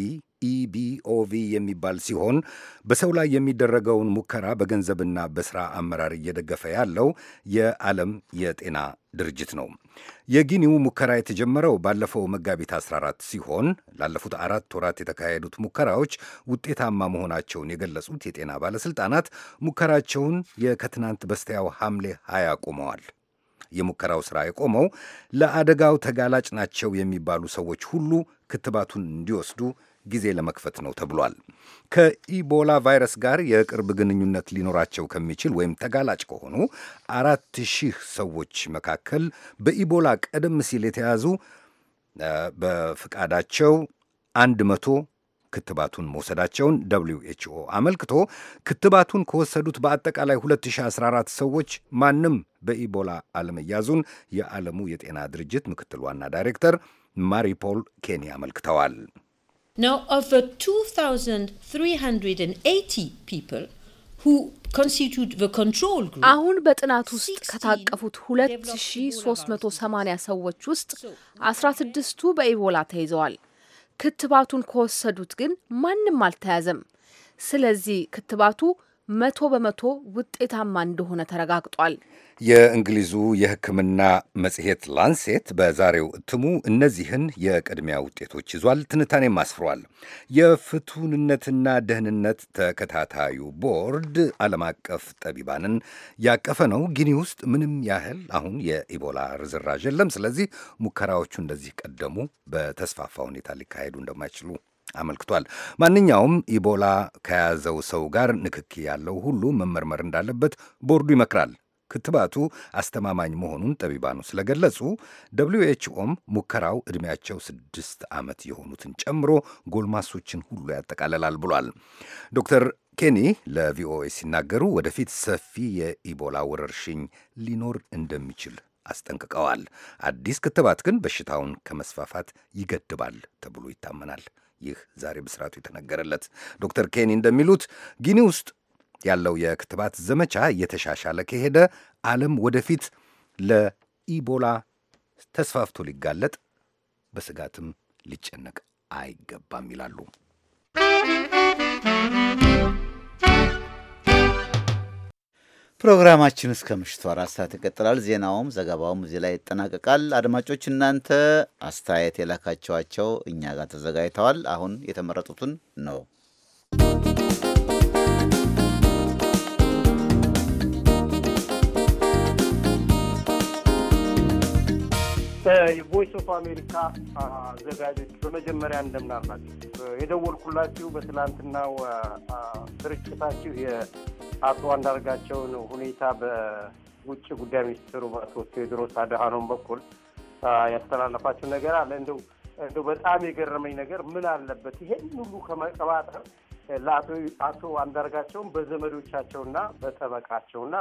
ኢቢኦቪ የሚባል ሲሆን በሰው ላይ የሚደረገውን ሙከራ በገንዘብና በሥራ አመራር እየደገፈ ያለው የዓለም የጤና ድርጅት ነው። የጊኒው ሙከራ የተጀመረው ባለፈው መጋቢት 14 ሲሆን ላለፉት አራት ወራት የተካሄዱት ሙከራዎች ውጤታማ መሆናቸውን የገለጹት የጤና ባለሥልጣናት ሙከራቸውን የከትናንት በስቲያው ሐምሌ 20 አቁመዋል። የሙከራው ሥራ የቆመው ለአደጋው ተጋላጭ ናቸው የሚባሉ ሰዎች ሁሉ ክትባቱን እንዲወስዱ ጊዜ ለመክፈት ነው ተብሏል። ከኢቦላ ቫይረስ ጋር የቅርብ ግንኙነት ሊኖራቸው ከሚችል ወይም ተጋላጭ ከሆኑ አራት ሺህ ሰዎች መካከል በኢቦላ ቀደም ሲል የተያዙ በፍቃዳቸው አንድ መቶ ክትባቱን መውሰዳቸውን ደብሊው ኤች ኦ አመልክቶ ክትባቱን ከወሰዱት በአጠቃላይ 2014 ሰዎች ማንም በኢቦላ አለመያዙን የዓለሙ የጤና ድርጅት ምክትል ዋና ዳይሬክተር ማሪፖል ኬኒ አመልክተዋል። Now, of the 2,380 people who አሁን በጥናት ውስጥ ከታቀፉት 2380 ሰዎች ውስጥ 16ቱ በኢቦላ ተይዘዋል። ክትባቱን ከወሰዱት ግን ማንም አልተያዘም። ስለዚህ ክትባቱ መቶ በመቶ ውጤታማ እንደሆነ ተረጋግጧል። የእንግሊዙ የሕክምና መጽሔት ላንሴት በዛሬው እትሙ እነዚህን የቅድሚያ ውጤቶች ይዟል። ትንታኔም አስፍሯል። የፍቱንነትና ደህንነት ተከታታዩ ቦርድ ዓለም አቀፍ ጠቢባንን ያቀፈ ነው። ጊኒ ውስጥ ምንም ያህል አሁን የኢቦላ ርዝራዥ የለም። ስለዚህ ሙከራዎቹ እንደዚህ ቀደሙ በተስፋፋ ሁኔታ ሊካሄዱ እንደማይችሉ አመልክቷል። ማንኛውም ኢቦላ ከያዘው ሰው ጋር ንክኪ ያለው ሁሉ መመርመር እንዳለበት ቦርዱ ይመክራል። ክትባቱ አስተማማኝ መሆኑን ጠቢባኑ ስለገለጹ ደብሊዩ ኤችኦም ሙከራው ዕድሜያቸው ስድስት ዓመት የሆኑትን ጨምሮ ጎልማሶችን ሁሉ ያጠቃልላል ብሏል። ዶክተር ኬኒ ለቪኦኤ ሲናገሩ ወደፊት ሰፊ የኢቦላ ወረርሽኝ ሊኖር እንደሚችል አስጠንቅቀዋል። አዲስ ክትባት ግን በሽታውን ከመስፋፋት ይገድባል ተብሎ ይታመናል። ይህ ዛሬ ብስራቱ የተነገረለት ዶክተር ኬኒ እንደሚሉት ጊኒ ውስጥ ያለው የክትባት ዘመቻ እየተሻሻለ ከሄደ ዓለም ወደፊት ለኢቦላ ተስፋፍቶ ሊጋለጥ በስጋትም ሊጨነቅ አይገባም ይላሉ። ፕሮግራማችን እስከ ምሽቱ አራት ሰዓት ይቀጥላል። ዜናውም ዘገባውም እዚህ ላይ ይጠናቀቃል። አድማጮች እናንተ አስተያየት የላካቸዋቸው እኛ ጋር ተዘጋጅተዋል። አሁን የተመረጡትን ነው ከቮይስ ኦፍ አሜሪካ አዘጋጆች በመጀመሪያ እንደምናላችሁ የደወልኩላችሁ በትላንትናው ስርጭታችሁ የአቶ አንዳርጋቸውን ሁኔታ በውጭ ጉዳይ ሚኒስትሩ በአቶ ቴዎድሮስ አድሃኖም በኩል ያስተላለፋችሁ ነገር አለ። እንደው እንደው በጣም የገረመኝ ነገር ምን አለበት ይሄን ሁሉ ከመቀባጠር ለአቶ አቶ አንዳርጋቸውን በዘመዶቻቸውና በጠበቃቸውና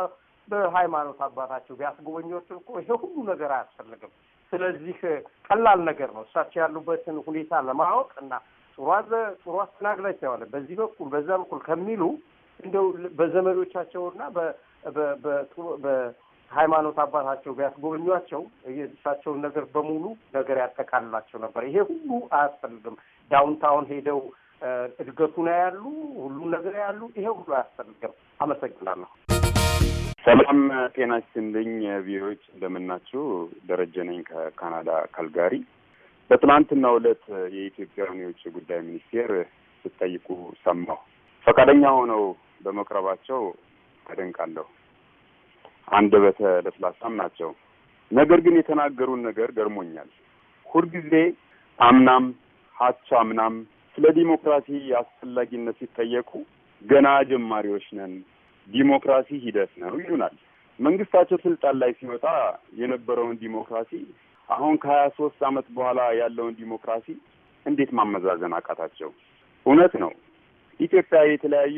በሃይማኖት አባታቸው ቢያስጎበኞቹ እኮ ይሄ ሁሉ ነገር አያስፈልግም። ስለዚህ ቀላል ነገር ነው እሳቸው ያሉበትን ሁኔታ ለማወቅ እና ጥሩ አዘ ጥሩ አስተናግዳች በዚህ በኩል በዛ በኩል ከሚሉ እንደው በዘመዶቻቸውና በሃይማኖት አባታቸው ቢያስጎበኟቸው የእሳቸውን ነገር በሙሉ ነገር ያጠቃልላቸው ነበር። ይሄ ሁሉ አያስፈልግም። ዳውንታውን ሄደው እድገቱ ነው ያሉ ሁሉ ነገር ያሉ ይሄ ሁሉ አያስፈልግም። አመሰግናለሁ። ሰላም ጤና ይስጥልኝ። ቪዎች እንደምናችሁ። ደረጀ ነኝ ከካናዳ ካልጋሪ። በትናንትናው ዕለት የኢትዮጵያ የውጭ ጉዳይ ሚኒስቴር ስጠይቁ ሰማሁ። ፈቃደኛ ሆነው በመቅረባቸው አንድ በተ ለስላሳም ናቸው። ነገር ግን የተናገሩን ነገር ገርሞኛል። ሁልጊዜ አምናም ሀቻ አምናም ስለ ዲሞክራሲ አስፈላጊነት ሲጠየቁ ገና ጀማሪዎች ነን ዲሞክራሲ ሂደት ነው ይሉናል። መንግስታቸው ስልጣን ላይ ሲወጣ የነበረውን ዲሞክራሲ አሁን ከሀያ ሶስት አመት በኋላ ያለውን ዲሞክራሲ እንዴት ማመዛዘን አቃታቸው? እውነት ነው ኢትዮጵያ የተለያዩ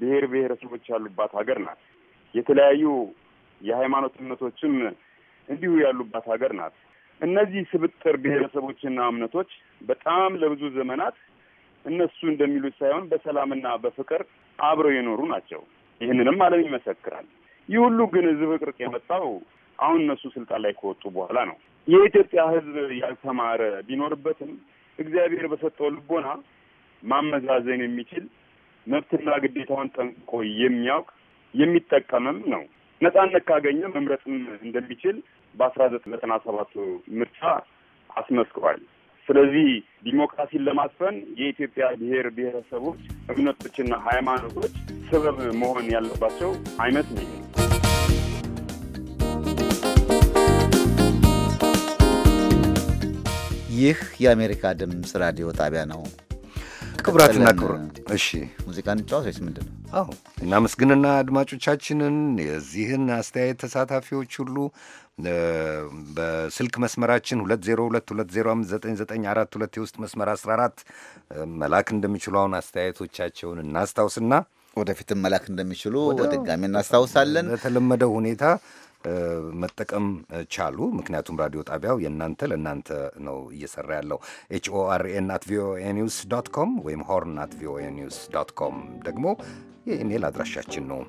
ብሔር ብሔረሰቦች ያሉባት ሀገር ናት። የተለያዩ የሃይማኖት እምነቶችም እንዲሁ ያሉባት ሀገር ናት። እነዚህ ስብጥር ብሔረሰቦችና እምነቶች በጣም ለብዙ ዘመናት እነሱ እንደሚሉት ሳይሆን በሰላምና በፍቅር አብረው የኖሩ ናቸው። ይህንንም ዓለም ይመሰክራል። ይህ ሁሉ ግን ዝብቅርቅ የመጣው አሁን እነሱ ስልጣን ላይ ከወጡ በኋላ ነው። የኢትዮጵያ ሕዝብ ያልተማረ ቢኖርበትም እግዚአብሔር በሰጠው ልቦና ማመዛዘን የሚችል መብትና ግዴታውን ጠንቅቆ የሚያውቅ የሚጠቀምም ነው። ነጻነት ካገኘ መምረጥም እንደሚችል በአስራ ዘጠኝ ዘጠና ሰባቱ ምርጫ አስመስክሯል። ስለዚህ ዲሞክራሲን ለማስፈን የኢትዮጵያ ብሔር ብሔረሰቦች እምነቶችና ሃይማኖቶች ሰበብ መሆን ያለባቸው አይመስለኝም። ይህ የአሜሪካ ድምፅ ራዲዮ ጣቢያ ነው። ክቡራትና ክቡራን፣ እሺ ሙዚቃ እንጫወት ወይስ ምንድን ነው? አዎ እናመስግንና አድማጮቻችንን የዚህን አስተያየት ተሳታፊዎች ሁሉ በስልክ መስመራችን 2022059942 የውስጥ መስመር 14 መላክ እንደሚችሉ አሁን አስተያየቶቻቸውን እናስታውስና ወደፊትም መላክ እንደሚችሉ በድጋሚ እናስታውሳለን። በተለመደው ሁኔታ መጠቀም ቻሉ። ምክንያቱም ራዲዮ ጣቢያው የእናንተ ለእናንተ ነው እየሰራ ያለው። ኤች ኦ አር ኤን አት ቪኦኤ ኒውስ ዶት ኮም ወይም ሆርን አት ቪኦኤ ኒውስ ዶት ኮም ደግሞ የኢሜይል አድራሻችን ነው።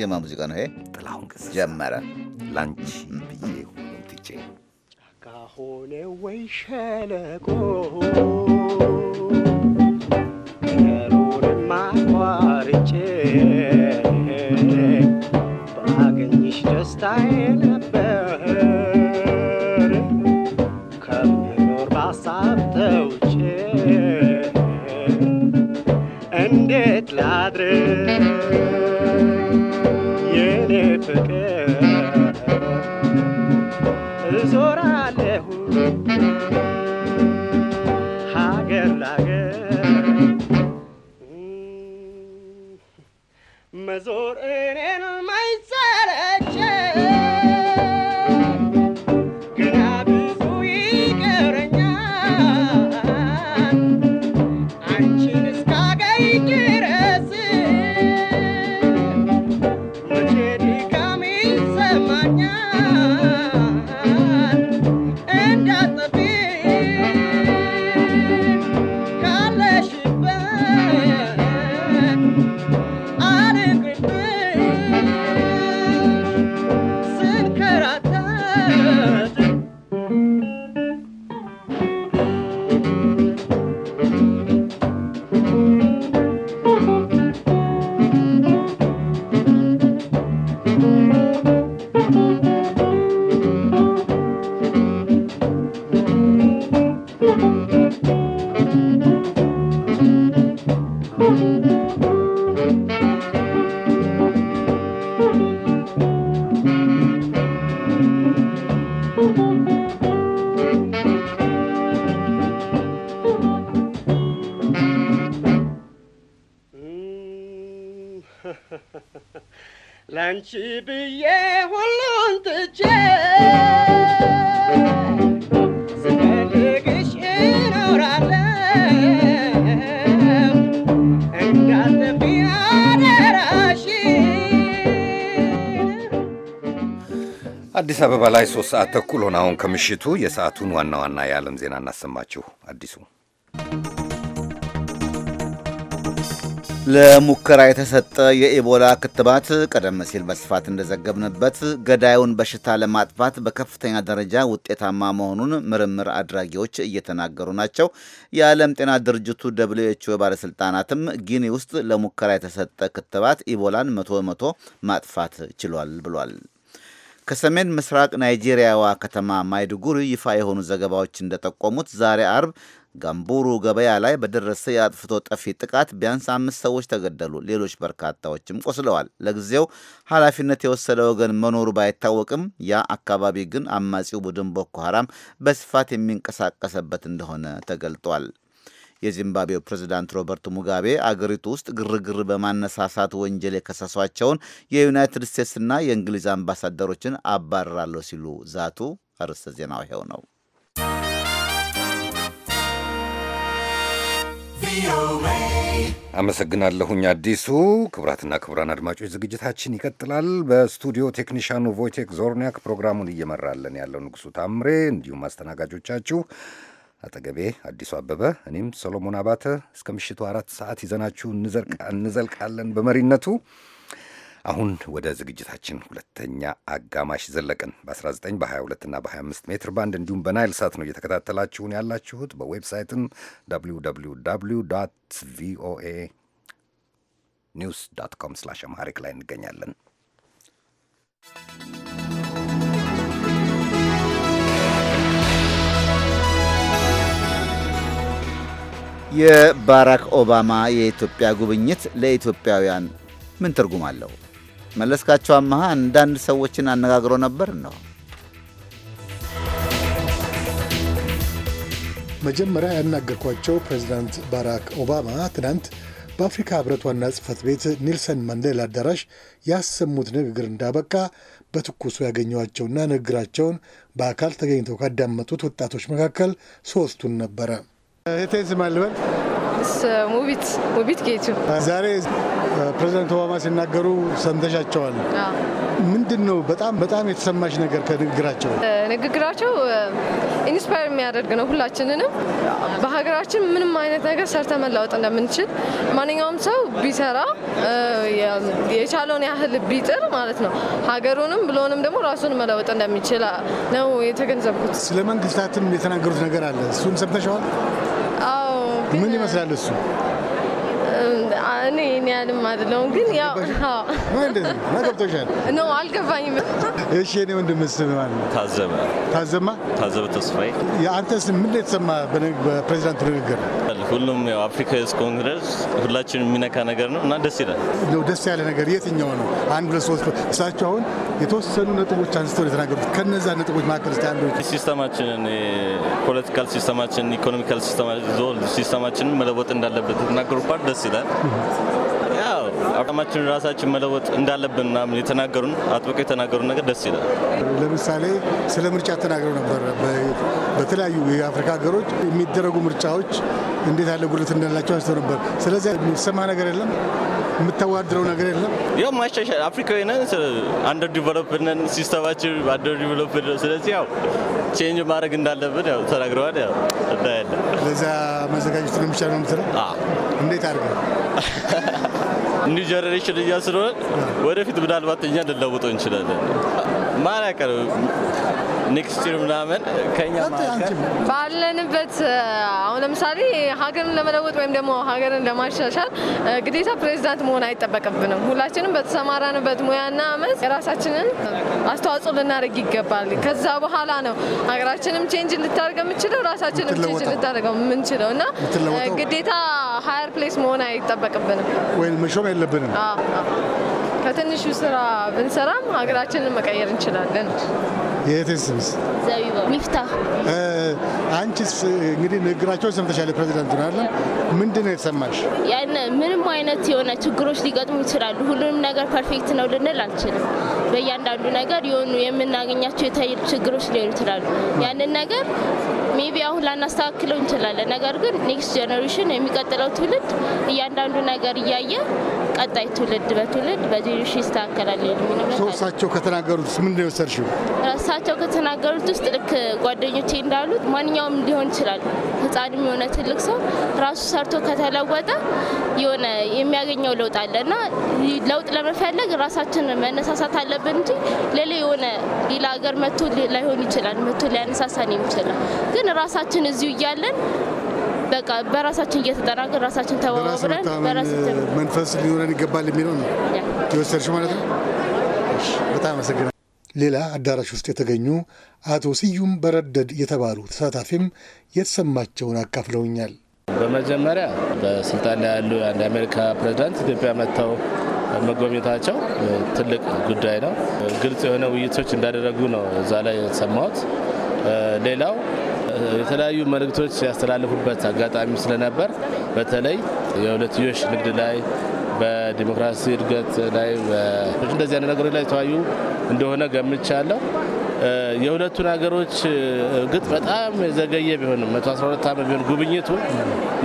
የማ ሙዚቃ ነው ይሄ? ጥላሁን ገሰሰ ጀመረ ላንቺ ብዬ ሁሉም ትቼ ሆነ ወይ ሸለቆ ሸሩንማ ቋርጬ dying. ላንቺ አደራሽ። አዲስ አበባ ላይ ሶስት ሰዓት ተኩል ሆነ። አሁን ከምሽቱ የሰዓቱን ዋና ዋና የዓለም ዜና እናሰማችሁ። አዲሱ ለሙከራ የተሰጠ የኢቦላ ክትባት ቀደም ሲል በስፋት እንደዘገብንበት ገዳዩን በሽታ ለማጥፋት በከፍተኛ ደረጃ ውጤታማ መሆኑን ምርምር አድራጊዎች እየተናገሩ ናቸው። የዓለም ጤና ድርጅቱ ደብልዩ ኤች ኦ ባለሥልጣናትም ጊኒ ውስጥ ለሙከራ የተሰጠ ክትባት ኢቦላን መቶ በመቶ ማጥፋት ችሏል ብሏል። ከሰሜን ምስራቅ ናይጄሪያዋ ከተማ ማይዱጉሪ ይፋ የሆኑ ዘገባዎች እንደጠቆሙት ዛሬ አርብ ጋምቡሩ ገበያ ላይ በደረሰ የአጥፍቶ ጠፊ ጥቃት ቢያንስ አምስት ሰዎች ተገደሉ፣ ሌሎች በርካታዎችም ቆስለዋል። ለጊዜው ኃላፊነት የወሰደ ወገን መኖሩ ባይታወቅም ያ አካባቢ ግን አማጺው ቡድን ቦኮ ሀራም በስፋት የሚንቀሳቀሰበት እንደሆነ ተገልጧል። የዚምባብዌው ፕሬዚዳንት ሮበርት ሙጋቤ አገሪቱ ውስጥ ግርግር በማነሳሳት ወንጀል የከሰሷቸውን የዩናይትድ ስቴትስና የእንግሊዝ አምባሳደሮችን አባረራለሁ ሲሉ ዛቱ። አርዕስተ ዜናው ይኸው ነው። አመሰግናለሁኝ አዲሱ። ክቡራትና ክቡራን አድማጮች ዝግጅታችን ይቀጥላል። በስቱዲዮ ቴክኒሻኑ ቮይቴክ ዞርኒያክ ፕሮግራሙን እየመራለን ያለው ንጉሱ ታምሬ፣ እንዲሁም አስተናጋጆቻችሁ አጠገቤ አዲሱ አበበ፣ እኔም ሰሎሞን አባተ እስከ ምሽቱ አራት ሰዓት ይዘናችሁ እንዘልቃለን በመሪነቱ አሁን ወደ ዝግጅታችን ሁለተኛ አጋማሽ ዘለቅን። በ19 በ22 እና በ25 ሜትር ባንድ እንዲሁም በናይል ሳት ነው እየተከታተላችሁን ያላችሁት። በዌብሳይትም www ቪኦኤ ኒውስ ዶት ኮም ስላሽ አማሪክ ላይ እንገኛለን። የባራክ ኦባማ የኢትዮጵያ ጉብኝት ለኢትዮጵያውያን ምን ትርጉም አለው? መለስካቸው አመሃ አንዳንድ ሰዎችን አነጋግሮ ነበር ነው። መጀመሪያ ያናገርኳቸው ፕሬዚዳንት ባራክ ኦባማ ትናንት በአፍሪካ ህብረት ዋና ጽህፈት ቤት ኒልሰን ማንዴላ አዳራሽ ያሰሙት ንግግር እንዳበቃ በትኩሱ ያገኘኋቸውና ንግግራቸውን በአካል ተገኝተው ካዳመጡት ወጣቶች መካከል ሶስቱን ነበረ። እህቴን ማልበል ሙቢት ጌቱ ዛሬ ፕሬዚዳንት ኦባማ ሲናገሩ ሰምተሻቸዋል። ምንድን ነው በጣም በጣም የተሰማሽ ነገር ከንግግራቸው? ንግግራቸው ኢንስፓየር የሚያደርግ ነው። ሁላችንንም በሀገራችን ምንም አይነት ነገር ሰርተ መለወጥ እንደምንችል ማንኛውም ሰው ቢሰራ የቻለውን ያህል ቢጥር ማለት ነው ሀገሩንም ብሎንም ደግሞ ራሱን መለወጥ እንደሚችል ነው የተገንዘብኩት። ስለ መንግስታትም የተናገሩት ነገር አለ። እሱን ሰምተሸዋል? ምን ይመስላል እሱ? እኔ እኔ ያልም አይደለሁም ግን ያው ነው አልገባኝም። እሺ እኔ ወንድም ስም ታዘበ ታዘማ ታዘበ ተስፋዬ። አንተስ ምን የተሰማ በፕሬዚዳንቱ ንግግር? ሁሉም ያው አፍሪካ ዩዝ ኮንግረስ ሁላችን የሚነካ ነገር ነው እና ደስ ይላል። ደስ ያለ ነገር የትኛው ነው? አንድ ሁለት ሶስት እሳቸው አሁን የተወሰኑ ነጥቦች አንስተው የተናገሩት ከነዛ ነጥቦች መካከል ስ አንዱ ሲስተማችንን ፖለቲካል ሲስተማችንን ኢኮኖሚካል ሲስተማችንን መለወጥ እንዳለበት የተናገሩ ፓርት ደስ ይላል። ያው አቋማችን ራሳችን መለወጥ እንዳለብን ምናምን የተናገሩን አጥብቀው የተናገሩን ነገር ደስ ይላል። ለምሳሌ ስለ ምርጫ ተናግረው ነበር። በተለያዩ የአፍሪካ ሀገሮች የሚደረጉ ምርጫዎች እንዴት ያለ ጉልት እንዳላቸው አስተው ነበር። ስለዚህ የሚሰማ ነገር የለም የምታዋድረው ነገር የለም። ያው ማሻሻል አፍሪካዊ ነን። አንደር ዲቨሎፕድ ነን። ሲስተማችን አንደር ዲቨሎፕድ ነው። ስለዚህ ያው ቼንጅ ማድረግ እንዳለብን ያው ተናግረዋል። ያው እናያለን። ለዛ መዘጋጀት ነው የሚቻለው የምትለው እንዴት አድርገን ኒው ጀኔሬሽን እኛ ስለሆን ወደፊት ምናልባት እኛ ልንለውጠው እንችላለን። ማን ያቀርብ ኔክስቸር ምናምን ከኛ ባለንበት አሁን ለምሳሌ ሀገርን ለመለወጥ ወይም ደግሞ ሀገርን ለማሻሻል ግዴታ ፕሬዚዳንት መሆን አይጠበቅብንም። ሁላችንም በተሰማራንበት ሙያና አመት የራሳችንን አስተዋጽኦ ልናደርግ ይገባል። ከዛ በኋላ ነው ሀገራችንም ቼንጅ ልታደርገ የምችለው ራሳችንም ቼንጅ ልታደርገው የምንችለው እና ግዴታ ሀየር ፕሌስ መሆን አይጠበቅብንም ወይም መሾም የለብንም። ከትንሹ ስራ ብንሰራም ሀገራችንን መቀየር እንችላለን። የትስምስ ዘቢባ ሚፍታ አንቺስ እንግዲህ ንግግራቸው ሰምተሻል። ፕሬዚዳንቱ አለ ምንድን ነው የተሰማሽ? ያን ምንም አይነት የሆነ ችግሮች ሊገጥሙ ይችላሉ። ሁሉንም ነገር ፐርፌክት ነው ልንል አንችልም። በእያንዳንዱ ነገር የሆኑ የምናገኛቸው የተለያዩ ችግሮች ሊሆኑ ይችላሉ። ያንን ነገር ሜቢ አሁን ላናስተካክለው እንችላለን። ነገር ግን ኔክስት ጀኔሬሽን የሚቀጥለው ትውልድ እያንዳንዱ ነገር እያየ ቀጣይ ትውልድ በትውልድ በጄኔሬሽን ይስተካከላል የሚለው ከተናገሩት ምንድን ነው የወሰድሽው? እሳቸው ከተናገሩት ውስጥ ልክ ጓደኞቼ እንዳሉት ማንኛውም ሊሆን ይችላል። ህፃንም የሆነ ትልቅ ሰው ራሱ ሰርቶ ከተለወጠ የሆነ የሚያገኘው ለውጥ አለ እና ለውጥ ለመፈለግ ራሳችን መነሳሳት አለብን እንጂ ሌላ የሆነ ሌላ ሀገር መቶ ላይሆን ይችላል መቶ ሊያነሳሳን ይችላል። ግን ራሳችን እዚሁ እያለን በቃ በራሳችን እየተጠናከር ራሳችን ተባብረን መንፈስ ሊኖረን ይገባል የሚለው ነው የወሰድሽው ማለት ነው። በጣም አመሰግናለሁ። ሌላ አዳራሽ ውስጥ የተገኙ አቶ ስዩም በረደድ የተባሉ ተሳታፊም የተሰማቸውን አካፍለውኛል። በመጀመሪያ በስልጣን ላይ ያሉ የአንድ አሜሪካ ፕሬዚዳንት ኢትዮጵያ መጥተው መጎብኘታቸው ትልቅ ጉዳይ ነው። ግልጽ የሆነ ውይይቶች እንዳደረጉ ነው እዛ ላይ የተሰማሁት። ሌላው የተለያዩ መልእክቶች ያስተላልፉበት አጋጣሚ ስለነበር በተለይ የሁለትዮሽ ንግድ ላይ በዲሞክራሲ እድገት ላይ እንደዚህ አይነት ነገሮች ላይ የተወያዩ እንደሆነ ገምቻለሁ። የሁለቱን ሀገሮች እርግጥ በጣም የዘገየ ቢሆንም 112 ዓመት ቢሆን ጉብኝቱ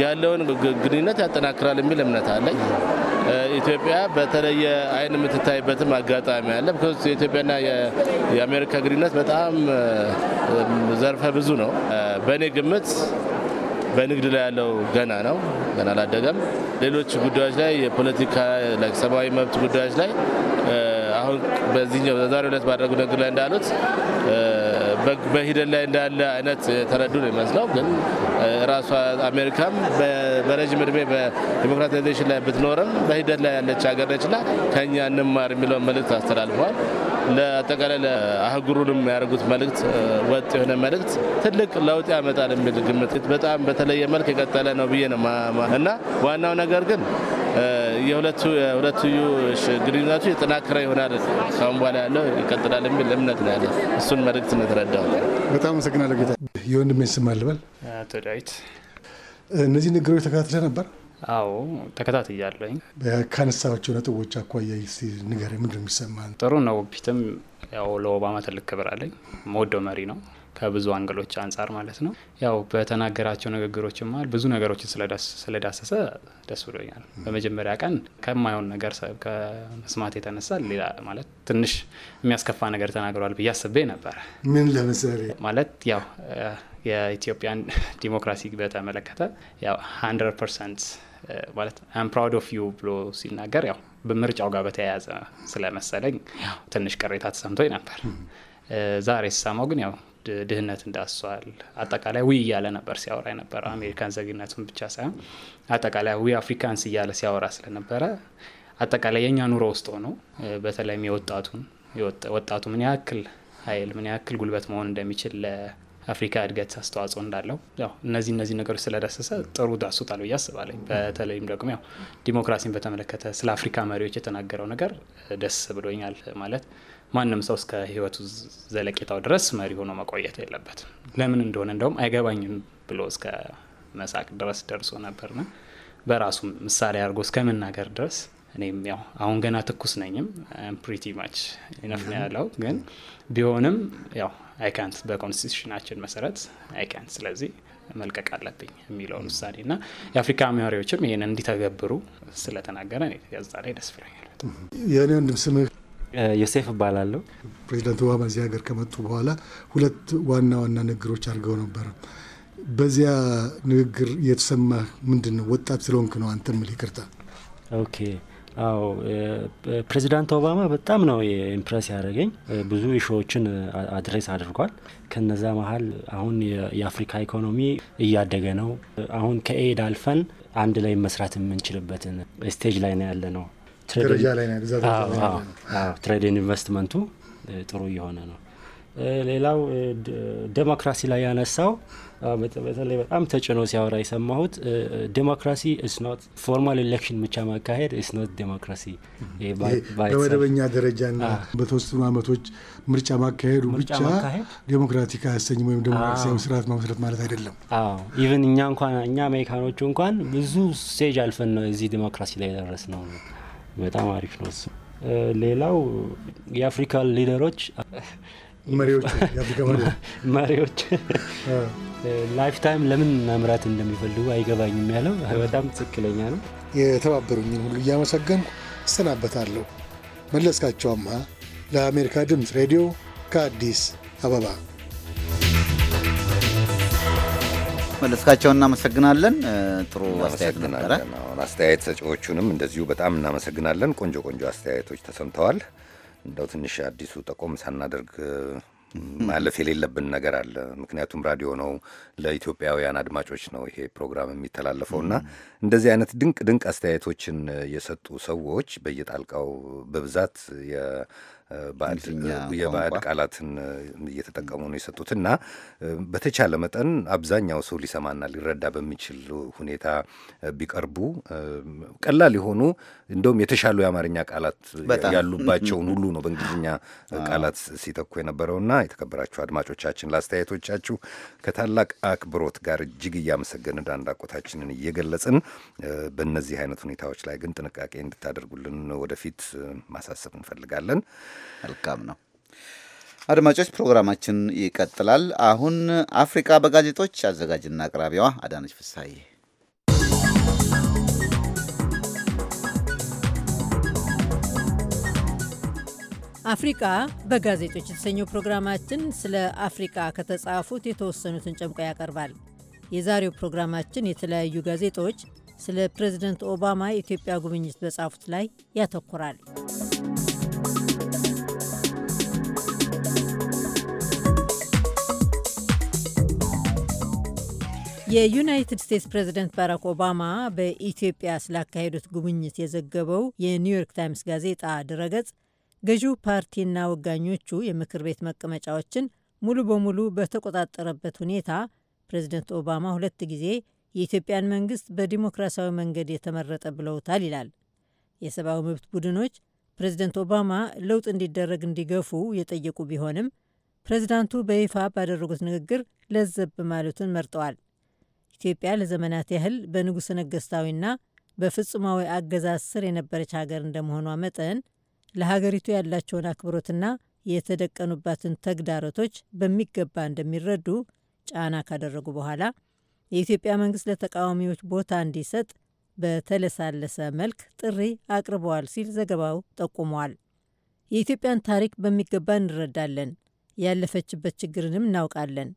ያለውን ግንኙነት ያጠናክራል የሚል እምነት አለኝ። ኢትዮጵያ በተለየ አይን የምትታይበትም አጋጣሚ አለ። ምክንያቱ የኢትዮጵያና የአሜሪካ ግንኙነት በጣም ዘርፈ ብዙ ነው። በእኔ ግምት በንግድ ላይ ያለው ገና ነው፣ ገና አላደገም። ሌሎች ጉዳዮች ላይ የፖለቲካ ሰብአዊ መብት ጉዳዮች ላይ አሁን በዚህኛው በዛሬው ዕለት ባደረጉ ንግግር ላይ እንዳሉት በሂደት ላይ እንዳለ አይነት ተረዱ ነው ይመስለው ግን ራሷ አሜሪካም በረጅም እድሜ በዲሞክራታይዜሽን ላይ ብትኖርም በሂደት ላይ ያለች ሀገር ነችና ከኛ እንማር የሚለውን መልእክት አስተላልፏል። ለአጠቃላይ ለአህጉሩንም ያደርጉት መልእክት ወጥ የሆነ መልእክት ትልቅ ለውጥ ያመጣል የሚል ግምት በጣም በተለየ መልክ የቀጠለ ነው ብዬ ነው እና ዋናው ነገር ግን የሁለትዮሽ ግንኙነቱ የጠናከረ ይሆናል። ካሁን በኋላ ያለው ይቀጥላል የሚል እምነት ነው ያለ። እሱን መልእክት ነው የተረዳው። በጣም አመሰግናለሁ ጌታ። የወንድሜ ስም አልበል አቶ ዳዊት እነዚህ ንግሮች ተከታትለ ነበር? አዎ ተከታትያለኝ። ከነሳቸው ነጥቦች አኳያ ንገር፣ ምንድ የሚሰማ ጥሩ ነው። ፒትም ያው ለኦባማ ትልቅ ክብር አለኝ። መወደው መሪ ነው ከብዙ አንገሎች አንጻር ማለት ነው። ያው በተናገራቸው ንግግሮች መሀል ብዙ ነገሮችን ስለዳሰሰ ደስ ብሎኛል። በመጀመሪያ ቀን ከማይሆን ነገር ከመስማት የተነሳ ሌላ ማለት ትንሽ የሚያስከፋ ነገር ተናግረዋል ብዬ አስቤ ነበረ። ምን ለምሳሌ ማለት ያው የኢትዮጵያን ዲሞክራሲ በተመለከተ ያው ሀንድረድ ፐርሰንት ማለት አም ፕራውድ ኦፍ ዩ ብሎ ሲናገር ያው በምርጫው ጋር በተያያዘ ስለመሰለኝ ትንሽ ቅሬታ ተሰምቶኝ ነበር። ዛሬ ስሰማው ግን ያው ድህነት እንዳስሷል አጠቃላይ ዊ እያለ ነበር ሲያወራ የነበረ አሜሪካን ዘግነቱን ብቻ ሳይሆን አጠቃላይ ዊ አፍሪካንስ እያለ ሲያወራ ስለነበረ አጠቃላይ የእኛ ኑሮ ውስጥ ሆኖ በተለይም የወጣቱን ወጣቱ ምን ያክል ኃይል ምን ያክል ጉልበት መሆን እንደሚችል አፍሪካ እድገት አስተዋጽኦ እንዳለው ያው እነዚህ እነዚህ ነገሮች ስለደሰሰ ጥሩ ዳሱታል ብዬ አስባለኝ። በተለይም ደግሞ ያው ዲሞክራሲን በተመለከተ ስለ አፍሪካ መሪዎች የተናገረው ነገር ደስ ብሎኛል። ማለት ማንም ሰው እስከ ህይወቱ ዘለቄታው ድረስ መሪ ሆኖ መቆየት የለበትም። ለምን እንደሆነ እንደውም አይገባኝም ብሎ እስከ መሳቅ ድረስ ደርሶ ነበርና በራሱ ምሳሌ አድርጎ እስከመናገር ድረስ እኔም ያው አሁን ገና ትኩስ ነኝም ፕሪቲ ማች ነፍ ነው ያለው ግን ቢሆንም ያው አይካንት በኮንስቲቱሽናችን መሰረት አይካንት ስለዚህ መልቀቅ አለብኝ የሚለውን ውሳኔ እና የአፍሪካ መሪዎችም ይህን እንዲተገብሩ ስለተናገረ ያዛ ላይ ደስ ብሎኛል። የእኔ ወንድም ስም ዮሴፍ እባላለሁ። ፕሬዚዳንት ኦባማ እዚህ ሀገር ከመጡ በኋላ ሁለት ዋና ዋና ንግግሮች አድርገው ነበረ። በዚያ ንግግር የተሰማ ምንድን ነው? ወጣት ስለሆንክ ነው አንተ ምል ይቅርታ ኦኬ አዎ ፕሬዚዳንት ኦባማ በጣም ነው የኢምፕረስ ያደረገኝ። ብዙ ኢሹዎችን አድሬስ አድርጓል። ከነዛ መሀል አሁን የአፍሪካ ኢኮኖሚ እያደገ ነው። አሁን ከኤድ አልፈን አንድ ላይ መስራት የምንችልበትን ስቴጅ ላይ ነው ያለ ነው። ትሬድ ኢንቨስትመንቱ ጥሩ እየሆነ ነው። ሌላው ዴሞክራሲ ላይ ያነሳው በተለይ በጣም ተጭኖ ሲያወራ የሰማሁት ዴሞክራሲ እስኖት ፎርማል ኤሌክሽን ብቻ ማካሄድ እስኖት ዴሞክራሲ፣ በመደበኛ ደረጃና በተወሰኑ ዓመቶች ምርጫ ማካሄዱ ብቻ ዴሞክራቲክ አያሰኝም ወይም ዴሞክራሲያዊ ስርዓት ማመስረት ማለት አይደለም። አዎ ኢቨን እኛ እንኳን እኛ አሜሪካኖቹ እንኳን ብዙ ስቴጅ አልፈን ነው እዚህ ዴሞክራሲ ላይ የደረስ ነው። በጣም አሪፍ ነው እሱ። ሌላው የአፍሪካ ሊደሮች መሪዎች ላይፍታይም ታይም ለምን መምራት እንደሚፈልጉ አይገባኝም ያለው በጣም ትክክለኛ ነው። የተባበሩኝን ሁሉ እያመሰገንኩ እሰናበታለሁ። መለስካቸው ለአሜሪካ ድምፅ ሬዲዮ ከአዲስ አበባ። መለስካቸው እናመሰግናለን። ጥሩ አስተያየት ነበረ። አስተያየት ሰጪዎቹንም እንደዚሁ በጣም እናመሰግናለን። ቆንጆ ቆንጆ አስተያየቶች ተሰምተዋል። እንደው ትንሽ አዲሱ ጠቆም ሳናደርግ ማለፍ የሌለብን ነገር አለ። ምክንያቱም ራዲዮ ነው፣ ለኢትዮጵያውያን አድማጮች ነው ይሄ ፕሮግራም የሚተላለፈው እና እንደዚህ አይነት ድንቅ ድንቅ አስተያየቶችን የሰጡ ሰዎች በየጣልቃው በብዛት የባዕድ ቃላትን እየተጠቀሙ ነው የሰጡት እና በተቻለ መጠን አብዛኛው ሰው ሊሰማና ሊረዳ በሚችል ሁኔታ ቢቀርቡ ቀላል የሆኑ እንደውም የተሻሉ የአማርኛ ቃላት ያሉባቸውን ሁሉ ነው በእንግሊዝኛ ቃላት ሲተኩ የነበረውና የተከበራችሁ አድማጮቻችን ለአስተያየቶቻችሁ ከታላቅ አክብሮት ጋር እጅግ እያመሰገንን አንዳቆታችንን እየገለጽን በእነዚህ አይነት ሁኔታዎች ላይ ግን ጥንቃቄ እንድታደርጉልን ወደፊት ማሳሰብ እንፈልጋለን። መልካም ነው። አድማጮች ፕሮግራማችን ይቀጥላል። አሁን አፍሪካ በጋዜጦች አዘጋጅና አቅራቢዋ አዳነች ፍሳዬ። አፍሪቃ በጋዜጦች የተሰኘው ፕሮግራማችን ስለ አፍሪቃ ከተጻፉት የተወሰኑትን ጨምቆ ያቀርባል። የዛሬው ፕሮግራማችን የተለያዩ ጋዜጦች ስለ ፕሬዝደንት ኦባማ የኢትዮጵያ ጉብኝት በጻፉት ላይ ያተኩራል። የዩናይትድ ስቴትስ ፕሬዝደንት ባራክ ኦባማ በኢትዮጵያ ስላካሄዱት ጉብኝት የዘገበው የኒውዮርክ ታይምስ ጋዜጣ ድረገጽ ገዢው ፓርቲና ወጋኞቹ የምክር ቤት መቀመጫዎችን ሙሉ በሙሉ በተቆጣጠረበት ሁኔታ ፕሬዝደንት ኦባማ ሁለት ጊዜ የኢትዮጵያን መንግስት በዲሞክራሲያዊ መንገድ የተመረጠ ብለውታል ይላል። የሰብአዊ መብት ቡድኖች ፕሬዝደንት ኦባማ ለውጥ እንዲደረግ እንዲገፉ የጠየቁ ቢሆንም ፕሬዚዳንቱ በይፋ ባደረጉት ንግግር ለዘብ ማለቱን መርጠዋል። ኢትዮጵያ ለዘመናት ያህል በንጉሥ ነገሥታዊና በፍጹማዊ አገዛዝ ስር የነበረች ሀገር እንደመሆኗ መጠን ለሀገሪቱ ያላቸውን አክብሮትና የተደቀኑባትን ተግዳሮቶች በሚገባ እንደሚረዱ ጫና ካደረጉ በኋላ የኢትዮጵያ መንግሥት ለተቃዋሚዎች ቦታ እንዲሰጥ በተለሳለሰ መልክ ጥሪ አቅርበዋል ሲል ዘገባው ጠቁሟል። የኢትዮጵያን ታሪክ በሚገባ እንረዳለን፣ ያለፈችበት ችግርንም እናውቃለን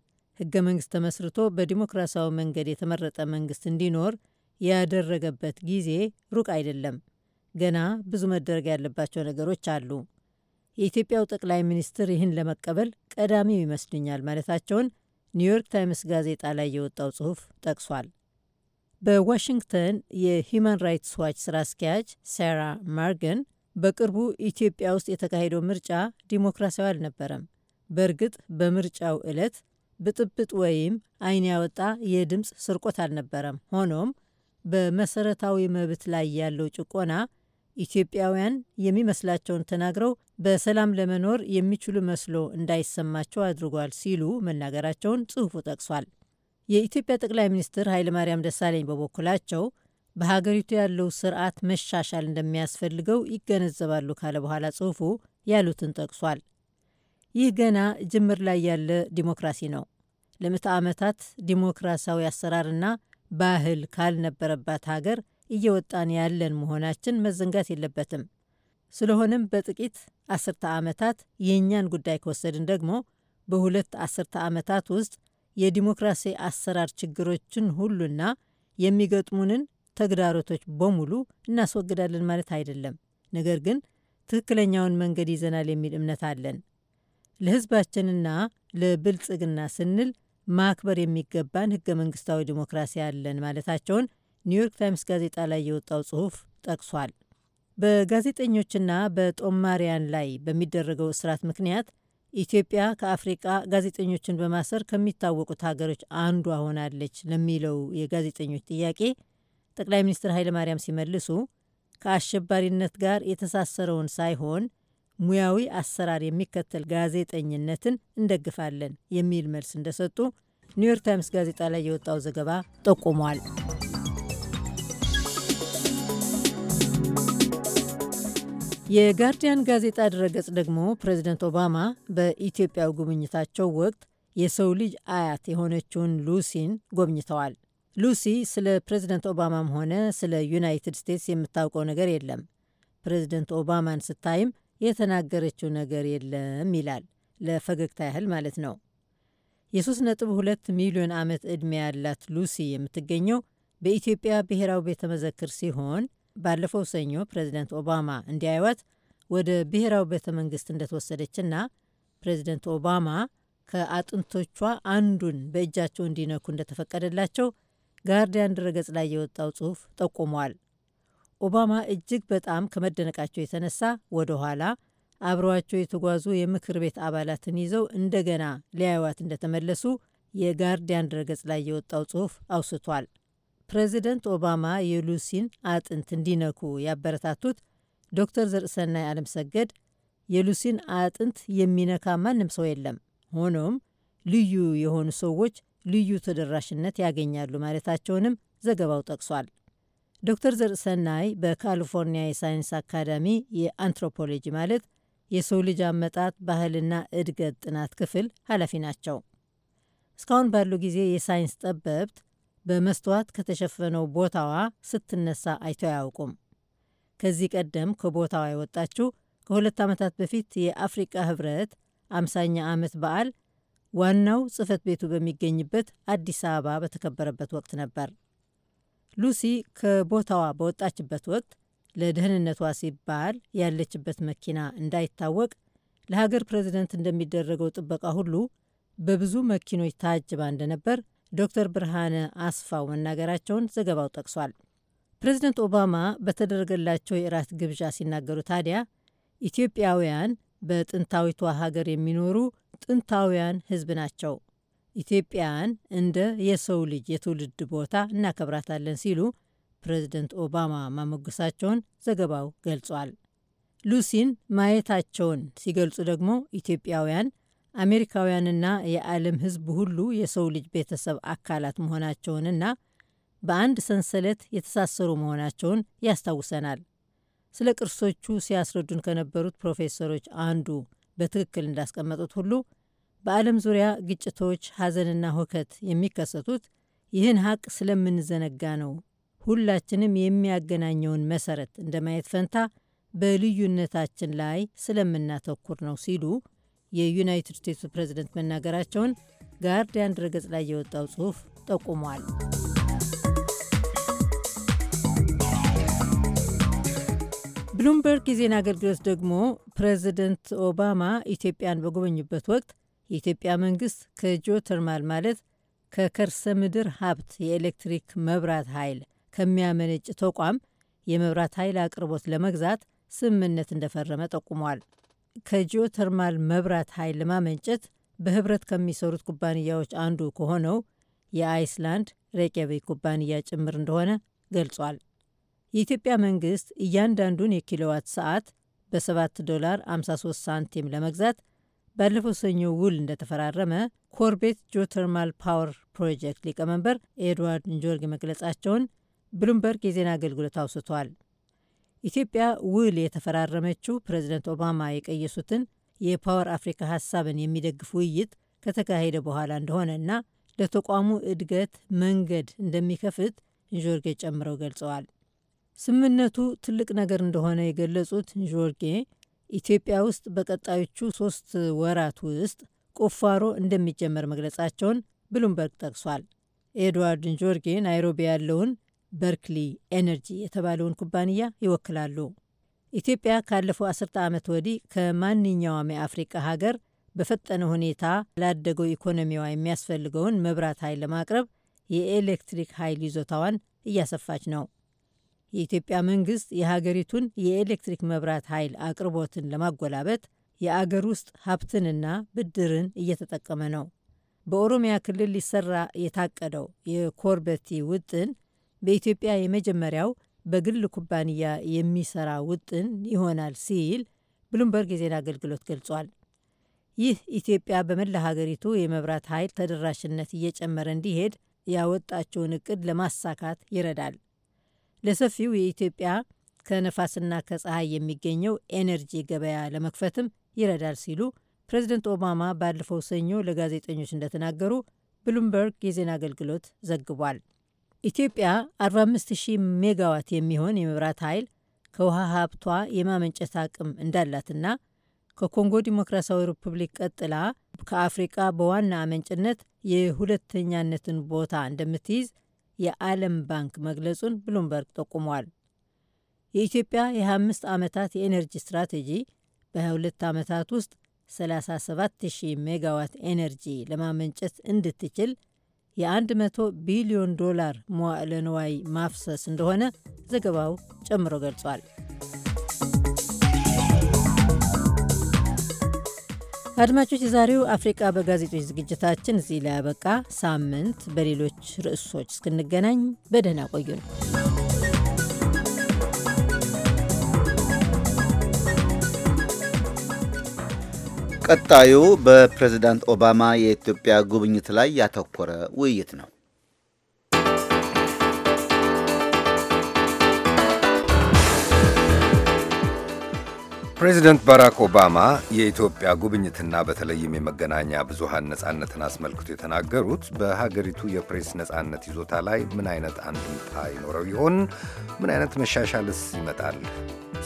ህገ መንግስት ተመስርቶ በዲሞክራሲያዊ መንገድ የተመረጠ መንግስት እንዲኖር ያደረገበት ጊዜ ሩቅ አይደለም። ገና ብዙ መደረግ ያለባቸው ነገሮች አሉ። የኢትዮጵያው ጠቅላይ ሚኒስትር ይህን ለመቀበል ቀዳሚው ይመስልኛል ማለታቸውን ኒውዮርክ ታይምስ ጋዜጣ ላይ የወጣው ጽሑፍ ጠቅሷል። በዋሽንግተን የሂዩማን ራይትስ ዋች ስራ አስኪያጅ ሳራ ማርገን በቅርቡ ኢትዮጵያ ውስጥ የተካሄደው ምርጫ ዲሞክራሲያዊ አልነበረም። በእርግጥ በምርጫው ዕለት ብጥብጥ ወይም አይን ያወጣ የድምፅ ስርቆት አልነበረም። ሆኖም በመሰረታዊ መብት ላይ ያለው ጭቆና ኢትዮጵያውያን የሚመስላቸውን ተናግረው በሰላም ለመኖር የሚችሉ መስሎ እንዳይሰማቸው አድርጓል ሲሉ መናገራቸውን ጽሑፉ ጠቅሷል። የኢትዮጵያ ጠቅላይ ሚኒስትር ኃይለማርያም ደሳለኝ በበኩላቸው በሀገሪቱ ያለው ስርዓት መሻሻል እንደሚያስፈልገው ይገነዘባሉ ካለ በኋላ ጽሑፉ ያሉትን ጠቅሷል። ይህ ገና ጅምር ላይ ያለ ዲሞክራሲ ነው። ለምዕተ ዓመታት ዲሞክራሲያዊ አሰራርና ባህል ካልነበረባት ሀገር እየወጣን ያለን መሆናችን መዘንጋት የለበትም። ስለሆነም በጥቂት አስርተ ዓመታት የእኛን ጉዳይ ከወሰድን ደግሞ በሁለት አስርተ ዓመታት ውስጥ የዲሞክራሲ አሰራር ችግሮችን ሁሉና የሚገጥሙንን ተግዳሮቶች በሙሉ እናስወግዳለን ማለት አይደለም። ነገር ግን ትክክለኛውን መንገድ ይዘናል የሚል እምነት አለን። ለሕዝባችንና ለብልጽግና ስንል ማክበር የሚገባን ህገ መንግስታዊ ዲሞክራሲ አለን ማለታቸውን ኒውዮርክ ታይምስ ጋዜጣ ላይ የወጣው ጽሁፍ ጠቅሷል። በጋዜጠኞችና በጦማሪያን ላይ በሚደረገው እስራት ምክንያት ኢትዮጵያ ከአፍሪቃ ጋዜጠኞችን በማሰር ከሚታወቁት ሀገሮች አንዷ ሆናለች ለሚለው የጋዜጠኞች ጥያቄ ጠቅላይ ሚኒስትር ኃይለማርያም ሲመልሱ ከአሸባሪነት ጋር የተሳሰረውን ሳይሆን ሙያዊ አሰራር የሚከተል ጋዜጠኝነትን እንደግፋለን የሚል መልስ እንደሰጡ ኒውዮርክ ታይምስ ጋዜጣ ላይ የወጣው ዘገባ ጠቁሟል። የጋርዲያን ጋዜጣ ድረገጽ ደግሞ ፕሬዚደንት ኦባማ በኢትዮጵያው ጉብኝታቸው ወቅት የሰው ልጅ አያት የሆነችውን ሉሲን ጎብኝተዋል። ሉሲ ስለ ፕሬዚደንት ኦባማም ሆነ ስለ ዩናይትድ ስቴትስ የምታውቀው ነገር የለም። ፕሬዚደንት ኦባማን ስታይም የተናገረችው ነገር የለም ይላል። ለፈገግታ ያህል ማለት ነው። የ3.2 ሚሊዮን ዓመት ዕድሜ ያላት ሉሲ የምትገኘው በኢትዮጵያ ብሔራዊ ቤተ መዘክር ሲሆን ባለፈው ሰኞ ፕሬዚደንት ኦባማ እንዲያይዋት ወደ ብሔራዊ ቤተ መንግስት እንደተወሰደችና ፕሬዚደንት ኦባማ ከአጥንቶቿ አንዱን በእጃቸው እንዲነኩ እንደተፈቀደላቸው ጋርዲያን ድረገጽ ላይ የወጣው ጽሑፍ ጠቁሟል። ኦባማ እጅግ በጣም ከመደነቃቸው የተነሳ ወደ ኋላ አብረዋቸው የተጓዙ የምክር ቤት አባላትን ይዘው እንደገና ሊያዩዋት እንደተመለሱ የጋርዲያን ድረገጽ ላይ የወጣው ጽሑፍ አውስቷል። ፕሬዚደንት ኦባማ የሉሲን አጥንት እንዲነኩ ያበረታቱት ዶክተር ዘርእሰናይ ሰገድ የሉሲን አጥንት የሚነካ ማንም ሰው የለም፣ ሆኖም ልዩ የሆኑ ሰዎች ልዩ ተደራሽነት ያገኛሉ ማለታቸውንም ዘገባው ጠቅሷል። ዶክተር ዘርሰናይ በካሊፎርኒያ የሳይንስ አካዳሚ የአንትሮፖሎጂ ማለት የሰው ልጅ አመጣጥ ባህልና እድገት ጥናት ክፍል ኃላፊ ናቸው። እስካሁን ባለው ጊዜ የሳይንስ ጠበብት በመስተዋት ከተሸፈነው ቦታዋ ስትነሳ አይቶ አያውቁም። ከዚህ ቀደም ከቦታዋ የወጣችው ከሁለት ዓመታት በፊት የአፍሪቃ ህብረት አምሳኛ ዓመት በዓል ዋናው ጽህፈት ቤቱ በሚገኝበት አዲስ አበባ በተከበረበት ወቅት ነበር። ሉሲ ከቦታዋ በወጣችበት ወቅት ለደህንነቷ ሲባል ያለችበት መኪና እንዳይታወቅ ለሀገር ፕሬዚደንት እንደሚደረገው ጥበቃ ሁሉ በብዙ መኪኖች ታጅባ እንደነበር ዶክተር ብርሃነ አስፋው መናገራቸውን ዘገባው ጠቅሷል። ፕሬዚደንት ኦባማ በተደረገላቸው የእራት ግብዣ ሲናገሩ ታዲያ ኢትዮጵያውያን በጥንታዊቷ ሀገር የሚኖሩ ጥንታውያን ሕዝብ ናቸው ኢትዮጵያን እንደ የሰው ልጅ የትውልድ ቦታ እናከብራታለን ሲሉ ፕሬዚደንት ኦባማ ማሞገሳቸውን ዘገባው ገልጿል። ሉሲን ማየታቸውን ሲገልጹ ደግሞ ኢትዮጵያውያን አሜሪካውያንና የዓለም ሕዝብ ሁሉ የሰው ልጅ ቤተሰብ አካላት መሆናቸውንና በአንድ ሰንሰለት የተሳሰሩ መሆናቸውን ያስታውሰናል። ስለ ቅርሶቹ ሲያስረዱን ከነበሩት ፕሮፌሰሮች አንዱ በትክክል እንዳስቀመጡት ሁሉ በዓለም ዙሪያ ግጭቶች፣ ሐዘንና ሁከት የሚከሰቱት ይህን ሀቅ ስለምንዘነጋ ነው። ሁላችንም የሚያገናኘውን መሰረት እንደማየት ፈንታ በልዩነታችን ላይ ስለምናተኩር ነው ሲሉ የዩናይትድ ስቴትሱ ፕሬዝደንት መናገራቸውን ጋርዲያን ድረገጽ ላይ የወጣው ጽሑፍ ጠቁሟል። ብሉምበርግ የዜና አገልግሎት ደግሞ ፕሬዝደንት ኦባማ ኢትዮጵያን በጎበኙበት ወቅት የኢትዮጵያ መንግስት ከጂኦተርማል ማለት ከከርሰ ምድር ሀብት የኤሌክትሪክ መብራት ኃይል ከሚያመነጭ ተቋም የመብራት ኃይል አቅርቦት ለመግዛት ስምምነት እንደፈረመ ጠቁሟል። ከጂኦተርማል መብራት ኃይል ለማመንጨት በህብረት ከሚሰሩት ኩባንያዎች አንዱ ከሆነው የአይስላንድ ሬቅያቤክ ኩባንያ ጭምር እንደሆነ ገልጿል። የኢትዮጵያ መንግስት እያንዳንዱን የኪሎዋት ሰዓት በ7 ዶላር 53 ሳንቲም ለመግዛት ባለፈው ሰኞ ውል እንደተፈራረመ ኮርቤት ጆተርማል ፓወር ፕሮጀክት ሊቀመንበር ኤድዋርድ ንጆርግ መግለጻቸውን ብሉምበርግ የዜና አገልግሎት አውስቷል። ኢትዮጵያ ውል የተፈራረመችው ፕሬዚደንት ኦባማ የቀየሱትን የፓወር አፍሪካ ሀሳብን የሚደግፍ ውይይት ከተካሄደ በኋላ እንደሆነና ለተቋሙ እድገት መንገድ እንደሚከፍት ንጆርጌ ጨምረው ገልጸዋል። ስምምነቱ ትልቅ ነገር እንደሆነ የገለጹት ንጆርጌ ኢትዮጵያ ውስጥ በቀጣዮቹ ሶስት ወራት ውስጥ ቁፋሮ እንደሚጀመር መግለጻቸውን ብሉምበርግ ጠቅሷል። ኤድዋርድ ንጆርጌ ናይሮቢ ያለውን በርክሊ ኤነርጂ የተባለውን ኩባንያ ይወክላሉ። ኢትዮጵያ ካለፈው አስርተ ዓመት ወዲህ ከማንኛውም የአፍሪቃ ሀገር በፈጠነ ሁኔታ ላደገው ኢኮኖሚዋ የሚያስፈልገውን መብራት ኃይል ለማቅረብ የኤሌክትሪክ ኃይል ይዞታዋን እያሰፋች ነው። የኢትዮጵያ መንግስት የሀገሪቱን የኤሌክትሪክ መብራት ኃይል አቅርቦትን ለማጎላበት የአገር ውስጥ ሀብትንና ብድርን እየተጠቀመ ነው። በኦሮሚያ ክልል ሊሰራ የታቀደው የኮርበቲ ውጥን በኢትዮጵያ የመጀመሪያው በግል ኩባንያ የሚሰራ ውጥን ይሆናል ሲል ብሉምበርግ የዜና አገልግሎት ገልጿል። ይህ ኢትዮጵያ በመላ ሀገሪቱ የመብራት ኃይል ተደራሽነት እየጨመረ እንዲሄድ ያወጣችውን እቅድ ለማሳካት ይረዳል። ለሰፊው የኢትዮጵያ ከነፋስና ከፀሐይ የሚገኘው ኤነርጂ ገበያ ለመክፈትም ይረዳል ሲሉ ፕሬዚደንት ኦባማ ባለፈው ሰኞ ለጋዜጠኞች እንደተናገሩ ብሉምበርግ የዜና አገልግሎት ዘግቧል። ኢትዮጵያ 45000 ሜጋዋት የሚሆን የመብራት ኃይል ከውሃ ሀብቷ የማመንጨት አቅም እንዳላትና ከኮንጎ ዲሞክራሲያዊ ሪፑብሊክ ቀጥላ ከአፍሪቃ በዋና አመንጭነት የሁለተኛነትን ቦታ እንደምትይዝ የዓለም ባንክ መግለጹን ብሉምበርግ ጠቁሟል። የኢትዮጵያ የ25 ዓመታት የኤነርጂ ስትራቴጂ በ22 ዓመታት ውስጥ 37000 ሜጋዋት ኤነርጂ ለማመንጨት እንድትችል የ100 ቢሊዮን ዶላር መዋዕለ ንዋይ ማፍሰስ እንደሆነ ዘገባው ጨምሮ ገልጿል። አድማጮች፣ የዛሬው አፍሪቃ በጋዜጦች ዝግጅታችን እዚህ ላይ ያበቃ። ሳምንት በሌሎች ርዕሶች እስክንገናኝ በደህና ነው ቀጣዩ በፕሬዝዳንት ኦባማ የኢትዮጵያ ጉብኝት ላይ ያተኮረ ውይይት ነው። ፕሬዚደንት ባራክ ኦባማ የኢትዮጵያ ጉብኝትና በተለይም የመገናኛ ብዙሃን ነጻነትን አስመልክቶ የተናገሩት በሀገሪቱ የፕሬስ ነጻነት ይዞታ ላይ ምን አይነት አንድምታ ይኖረው ይሆን? ምን አይነት መሻሻልስ ይመጣል?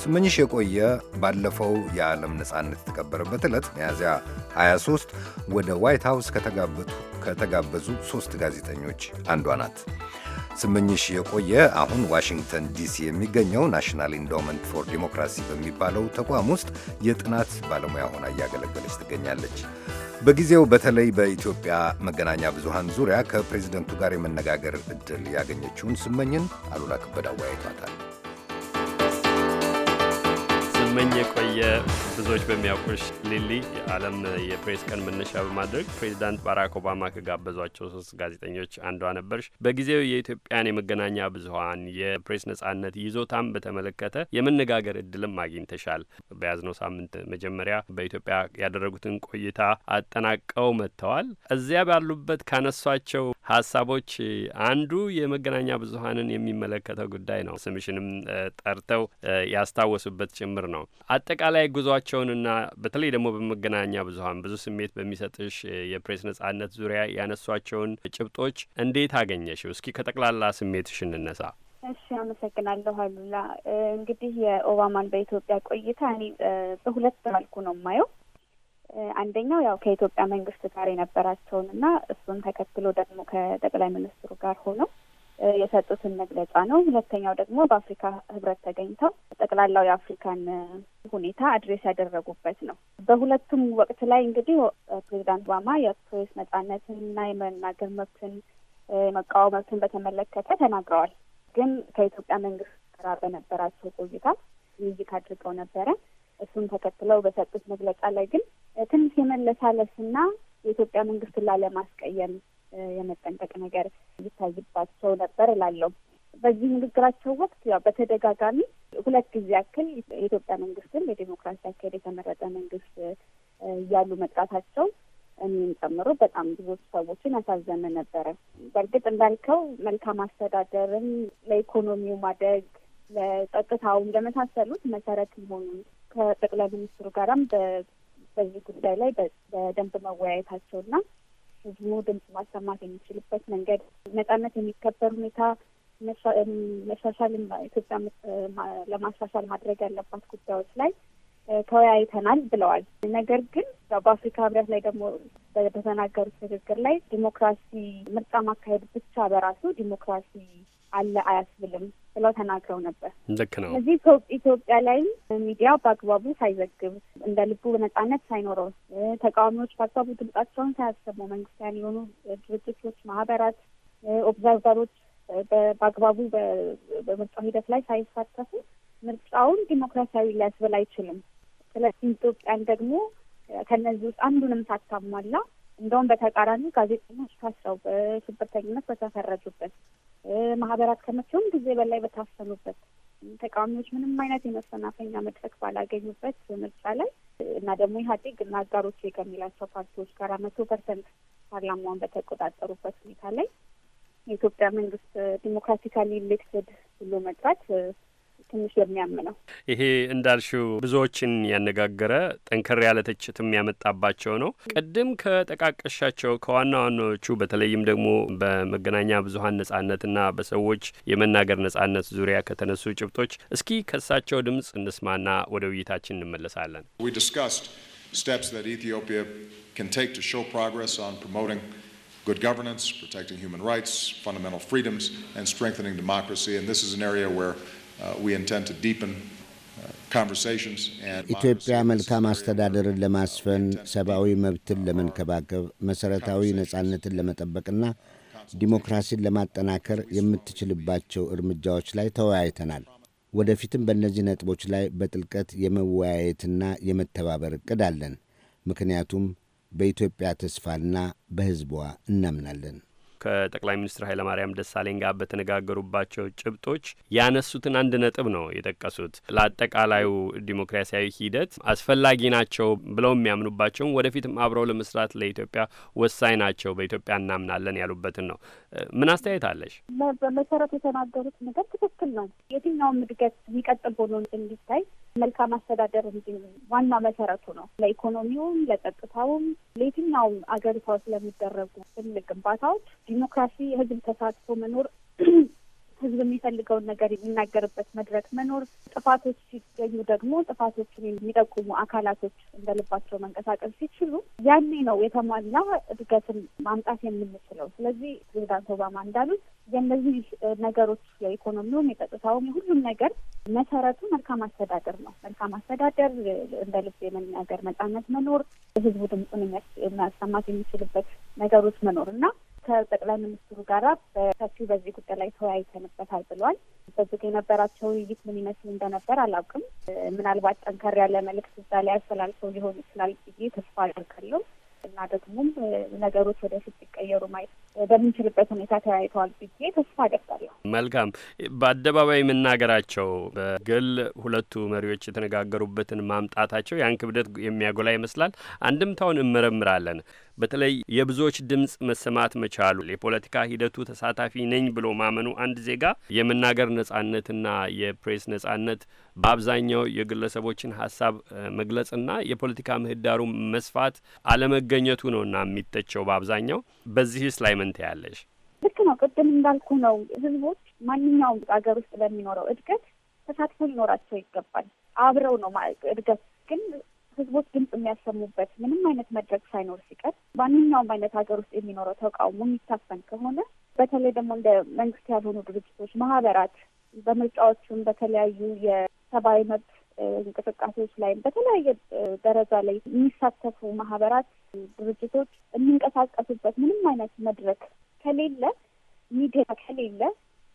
ስመኝሽ የቆየ ባለፈው የዓለም ነጻነት የተከበረበት ዕለት ሚያዝያ 23 ወደ ዋይት ሃውስ ከተጋበዙ ሶስት ጋዜጠኞች አንዷ ናት። ስመኝሽ የቆየ አሁን ዋሽንግተን ዲሲ የሚገኘው ናሽናል ኢንዶመንት ፎር ዲሞክራሲ በሚባለው ተቋም ውስጥ የጥናት ባለሙያ ሆና እያገለገለች ትገኛለች። በጊዜው በተለይ በኢትዮጵያ መገናኛ ብዙሃን ዙሪያ ከፕሬዚደንቱ ጋር የመነጋገር እድል ያገኘችውን ስመኝን አሉላ ከበደ አወያይቷታል። ስመኝ የቆየ ብዙዎች በሚያውቁሽ ሊሊ የዓለም የፕሬስ ቀን መነሻ በማድረግ ፕሬዚዳንት ባራክ ኦባማ ከጋበዟቸው ሶስት ጋዜጠኞች አንዷ ነበርሽ። በጊዜው የኢትዮጵያን የመገናኛ ብዙኃን የፕሬስ ነጻነት ይዞታም በተመለከተ የመነጋገር እድልም አግኝተሻል። በያዝነው ሳምንት መጀመሪያ በኢትዮጵያ ያደረጉትን ቆይታ አጠናቀው መጥተዋል። እዚያ ባሉበት ካነሷቸው ሀሳቦች አንዱ የመገናኛ ብዙኃንን የሚመለከተው ጉዳይ ነው። ስምሽንም ጠርተው ያስታወሱበት ጭምር ነው። አጠቃላይ ጉዟቸውንና በተለይ ደግሞ በመገናኛ ብዙኃን ብዙ ስሜት በሚሰጥሽ የፕሬስ ነጻነት ዙሪያ ያነሷቸውን ጭብጦች እንዴት አገኘሽው? እስኪ ከጠቅላላ ስሜትሽ እንነሳ። እሺ፣ አመሰግናለሁ አሉላ። እንግዲህ የኦባማን በኢትዮጵያ ቆይታ እኔ በሁለት መልኩ ነው የማየው። አንደኛው ያው ከኢትዮጵያ መንግስት ጋር የነበራቸውን እና እሱን ተከትሎ ደግሞ ከጠቅላይ ሚኒስትሩ ጋር ሆነው የሰጡትን መግለጫ ነው። ሁለተኛው ደግሞ በአፍሪካ ህብረት ተገኝተው ጠቅላላው የአፍሪካን ሁኔታ አድሬስ ያደረጉበት ነው። በሁለቱም ወቅት ላይ እንግዲህ ፕሬዚዳንት ኦባማ የፕሬስ ነጻነትን እና የመናገር መብትን የመቃወም መብትን በተመለከተ ተናግረዋል። ግን ከኢትዮጵያ መንግስት ጋር በነበራቸው ቆይታ ውይይት አድርገው ነበረ። እሱን ተከትለው በሰጡት መግለጫ ላይ ግን ትንሽ የመለሳለስና የኢትዮጵያ መንግስትን ላለማስቀየም የመጠንቀቅ ነገር ይታይባቸው ነበር እላለሁ። በዚህ ንግግራቸው ወቅት ያው በተደጋጋሚ ሁለት ጊዜ ያክል የኢትዮጵያ መንግስትን የዲሞክራሲ አካሄድ የተመረጠ መንግስት እያሉ መጥራታቸው እኔም ጨምሮ በጣም ብዙ ሰዎችን ያሳዘነ ነበረ። በእርግጥ እንዳልከው መልካም አስተዳደርን ለኢኮኖሚው ማደግ ለጸጥታውም ለመሳሰሉት መሰረት መሆኑን ከጠቅላይ ሚኒስትሩ ጋራም በዚህ ጉዳይ ላይ በደንብ መወያየታቸውና ህዝቡ ድምጽ ማሰማት የሚችልበት መንገድ ነጻነት የሚከበር ሁኔታ መሻሻል ኢትዮጵያ ለማሻሻል ማድረግ ያለባት ጉዳዮች ላይ ተወያይተናል ብለዋል። ነገር ግን በአፍሪካ ህብረት ላይ ደግሞ በተናገሩት ንግግር ላይ ዲሞክራሲ ምርጫ ማካሄድ ብቻ በራሱ ዲሞክራሲ አለ አያስብልም ብለው ተናግረው ነበር። ልክ ነው። እዚህ ኢትዮጵያ ላይም ሚዲያው በአግባቡ ሳይዘግብ እንደ ልቡ ነጻነት ሳይኖረው ተቃዋሚዎች በአግባቡ ድምጻቸውን ሳያሰሙ መንግስታውያን የሆኑ ድርጅቶች፣ ማህበራት፣ ኦብዘርቨሮች በአግባቡ በምርጫው ሂደት ላይ ሳይሳተፉ ምርጫውን ዲሞክራሲያዊ ሊያስብል አይችልም። ስለዚህ ኢትዮጵያን ደግሞ ከነዚህ ውስጥ አንዱንም ሳታሟላ እንደውም በተቃራኒ ጋዜጠኞች ታስረው በሽብርተኝነት በተፈረጁበት ማህበራት ከመቼውም ጊዜ በላይ በታፈኑበት ተቃዋሚዎች ምንም አይነት የመሰናፈኛ መድረክ ባላገኙበት ምርጫ ላይ እና ደግሞ ኢህአዴግ እና አጋሮቼ ከሚላቸው ፓርቲዎች ጋር መቶ ፐርሰንት ፓርላማውን በተቆጣጠሩበት ሁኔታ ላይ የኢትዮጵያ መንግስት ዲሞክራቲካሊ ኢሌክትድ ብሎ መጥራት ትንሽ የሚያም ነው። ይሄ እንዳልሽው ብዙዎችን ያነጋገረ ጠንከር ያለ ትችትም ያመጣባቸው ነው። ቅድም ከጠቃቀሻቸው ከዋና ዋናዎቹ በተለይም ደግሞ በመገናኛ ብዙኃን ነጻነትና በሰዎች የመናገር ነጻነት ዙሪያ ከተነሱ ጭብጦች እስኪ ከሳቸው ድምፅ እንስማና ወደ ውይይታችን እንመለሳለን። steps that Ethiopia can take to show progress on promoting good governance, protecting human rights, fundamental freedoms, and strengthening democracy. And this is an area where Uh, uh, ኢትዮጵያ መልካም uh, አስተዳደርን ለማስፈን ሰብአዊ መብትን ለመንከባከብ መሠረታዊ ነጻነትን ለመጠበቅና ዲሞክራሲን ለማጠናከር የምትችልባቸው እርምጃዎች ላይ ተወያይተናል። ወደፊትም በእነዚህ ነጥቦች ላይ በጥልቀት የመወያየትና የመተባበር እቅድ አለን። ምክንያቱም በኢትዮጵያ ተስፋና በሕዝቧ እናምናለን። ከጠቅላይ ሚኒስትር ኃይለማርያም ደሳለኝ ጋር በተነጋገሩባቸው ጭብጦች ያነሱትን አንድ ነጥብ ነው የጠቀሱት። ለአጠቃላዩ ዲሞክራሲያዊ ሂደት አስፈላጊ ናቸው ብለው የሚያምኑባቸውም ወደፊትም አብረው ለመስራት ለኢትዮጵያ ወሳኝ ናቸው፣ በኢትዮጵያ እናምናለን ያሉበትን ነው። ምን አስተያየት አለሽ? በመሰረቱ የተናገሩት ነገር ትክክል ነው። የትኛውም እድገት የሚቀጥል ሆኖ እንዲታይ መልካም አስተዳደር እንጂ ዋና መሰረቱ ነው። ለኢኮኖሚውም፣ ለጸጥታውም፣ ለየትኛውም አገሪቷ ስለሚደረጉ ትልቅ ግንባታዎች ዲሞክራሲ፣ ህዝብ ተሳትፎ መኖር ህዝብ የሚፈልገውን ነገር የሚናገርበት መድረክ መኖር፣ ጥፋቶች ሲገኙ ደግሞ ጥፋቶችን የሚጠቁሙ አካላቶች እንደልባቸው መንቀሳቀስ ሲችሉ ያኔ ነው የተሟላ እድገትን ማምጣት የምንችለው። ስለዚህ ፕሬዚዳንት ኦባማ እንዳሉት የእነዚህ ነገሮች የኢኮኖሚውም፣ የጸጥታውም፣ የሁሉም ነገር መሰረቱ መልካም አስተዳደር ነው። መልካም አስተዳደር እንደ ልብ የመናገር ነጻነት መኖር፣ ህዝቡ ድምፁን የሚያሰማት የሚችልበት ነገሮች መኖር እና ከጠቅላይ ሚኒስትሩ ጋራ በሰፊው በዚህ ጉዳይ ላይ ተወያይተንበታል ብሏል። በዝግ የነበራቸው ውይይት ምን ይመስል እንደነበር አላውቅም። ምናልባት ጠንከር ያለ መልእክት እዛ ላይ አስተላልፈው ሊሆን ይችላል ብዬ ተስፋ አደርጋለሁ እና ደግሞም ነገሮች ወደፊት ሲቀየሩ ማየት በምንችልበት ሁኔታ ተያይተዋል ብዬ ተስፋ አደርጋለሁ። መልካም። በአደባባይ መናገራቸው በግል ሁለቱ መሪዎች የተነጋገሩበትን ማምጣታቸው ያን ክብደት የሚያጎላ ይመስላል። አንድምታውን እንመረምራለን። በተለይ የብዙዎች ድምፅ መሰማት መቻሉ የፖለቲካ ሂደቱ ተሳታፊ ነኝ ብሎ ማመኑ አንድ ዜጋ የመናገር ነጻነትና የፕሬስ ነጻነት በአብዛኛው የግለሰቦችን ሀሳብ መግለጽና የፖለቲካ ምህዳሩ መስፋት አለመገኘቱ ነውና የሚተቸው በአብዛኛው። በዚህስ ላይ ምን ትያለሽ? ልክ ነው። ቅድም እንዳልኩ ነው። ህዝቦች ማንኛውም አገር ውስጥ በሚኖረው እድገት ተሳትፎ ሊኖራቸው ይገባል። አብረው ነው እድገት ግን ህዝቦች ድምጽ የሚያሰሙበት ምንም አይነት መድረክ ሳይኖር ሲቀር ማንኛውም አይነት ሀገር ውስጥ የሚኖረው ተቃውሞ የሚታፈን ከሆነ በተለይ ደግሞ እንደ መንግስት ያልሆኑ ድርጅቶች፣ ማህበራት በምርጫዎችም በተለያዩ የሰብአዊ መብት እንቅስቃሴዎች ላይም በተለያየ ደረጃ ላይ የሚሳተፉ ማህበራት፣ ድርጅቶች የሚንቀሳቀሱበት ምንም አይነት መድረክ ከሌለ፣ ሚዲያ ከሌለ፣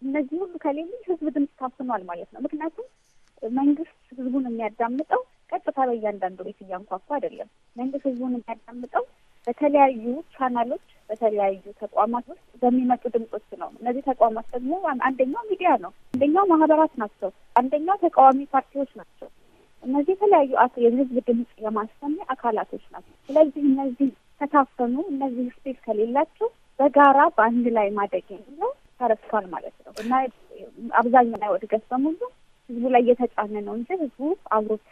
እነዚህ ሁሉ ከሌሉ ህዝብ ድምፅ ታፍኗል ማለት ነው። ምክንያቱም መንግስት ህዝቡን የሚያዳምጠው ቀጥታ በእያንዳንዱ ቤት እያንኳኩ አይደለም። መንግስት ህዝቡን የሚያዳምጠው በተለያዩ ቻናሎች፣ በተለያዩ ተቋማት ውስጥ በሚመጡ ድምጾች ነው። እነዚህ ተቋማት ደግሞ አንደኛው ሚዲያ ነው፣ አንደኛው ማህበራት ናቸው፣ አንደኛው ተቃዋሚ ፓርቲዎች ናቸው። እነዚህ የተለያዩ የህዝብ ድምጽ የማሰሚያ አካላቶች ናቸው። ስለዚህ እነዚህ ከታፈኑ፣ እነዚህ ስፔስ ከሌላቸው በጋራ በአንድ ላይ ማደግ የሚለው ተረስቷል ማለት ነው እና አብዛኛው ላይ ወድገት በሙሉ ህዝቡ ላይ እየተጫነ ነው እንጂ ህዝቡ አብሮት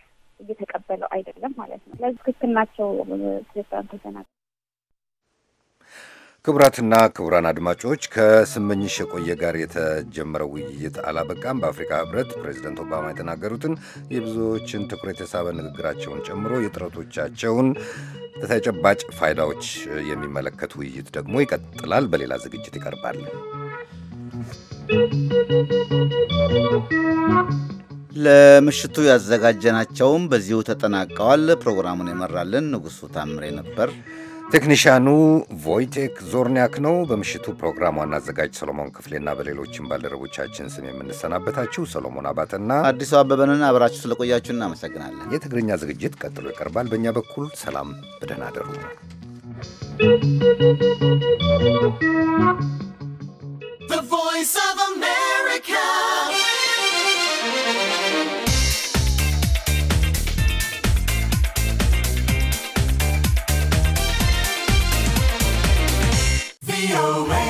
እየተቀበለው አይደለም ማለት ነው። ለዚህ ትክክል ናቸው ፕሬዚዳንቱ ተናገ ክቡራትና ክቡራን አድማጮች ከስመኝሽ የቆየ ጋር የተጀመረው ውይይት አላበቃም። በአፍሪካ ህብረት ፕሬዚደንት ኦባማ የተናገሩትን የብዙዎችን ትኩረት የሳበ ንግግራቸውን ጨምሮ የጥረቶቻቸውን ተጨባጭ ፋይዳዎች የሚመለከት ውይይት ደግሞ ይቀጥላል፣ በሌላ ዝግጅት ይቀርባል። ለምሽቱ ያዘጋጀናቸውም በዚሁ ተጠናቀዋል። ፕሮግራሙን የመራልን ንጉሱ ታምሬ ነበር። ቴክኒሽያኑ ቮይቴክ ዞርኒያክ ነው። በምሽቱ ፕሮግራም ዋና አዘጋጅ ሰሎሞን ክፍሌና በሌሎችም ባልደረቦቻችን ስም የምንሰናበታችሁ ሰሎሞን አባተና አዲሱ አበበንን አብራችሁ ስለቆያችሁ እናመሰግናለን። የትግርኛ ዝግጅት ቀጥሎ ይቀርባል። በእኛ በኩል ሰላም፣ በደህና አደሩ። The Voice of America VOA.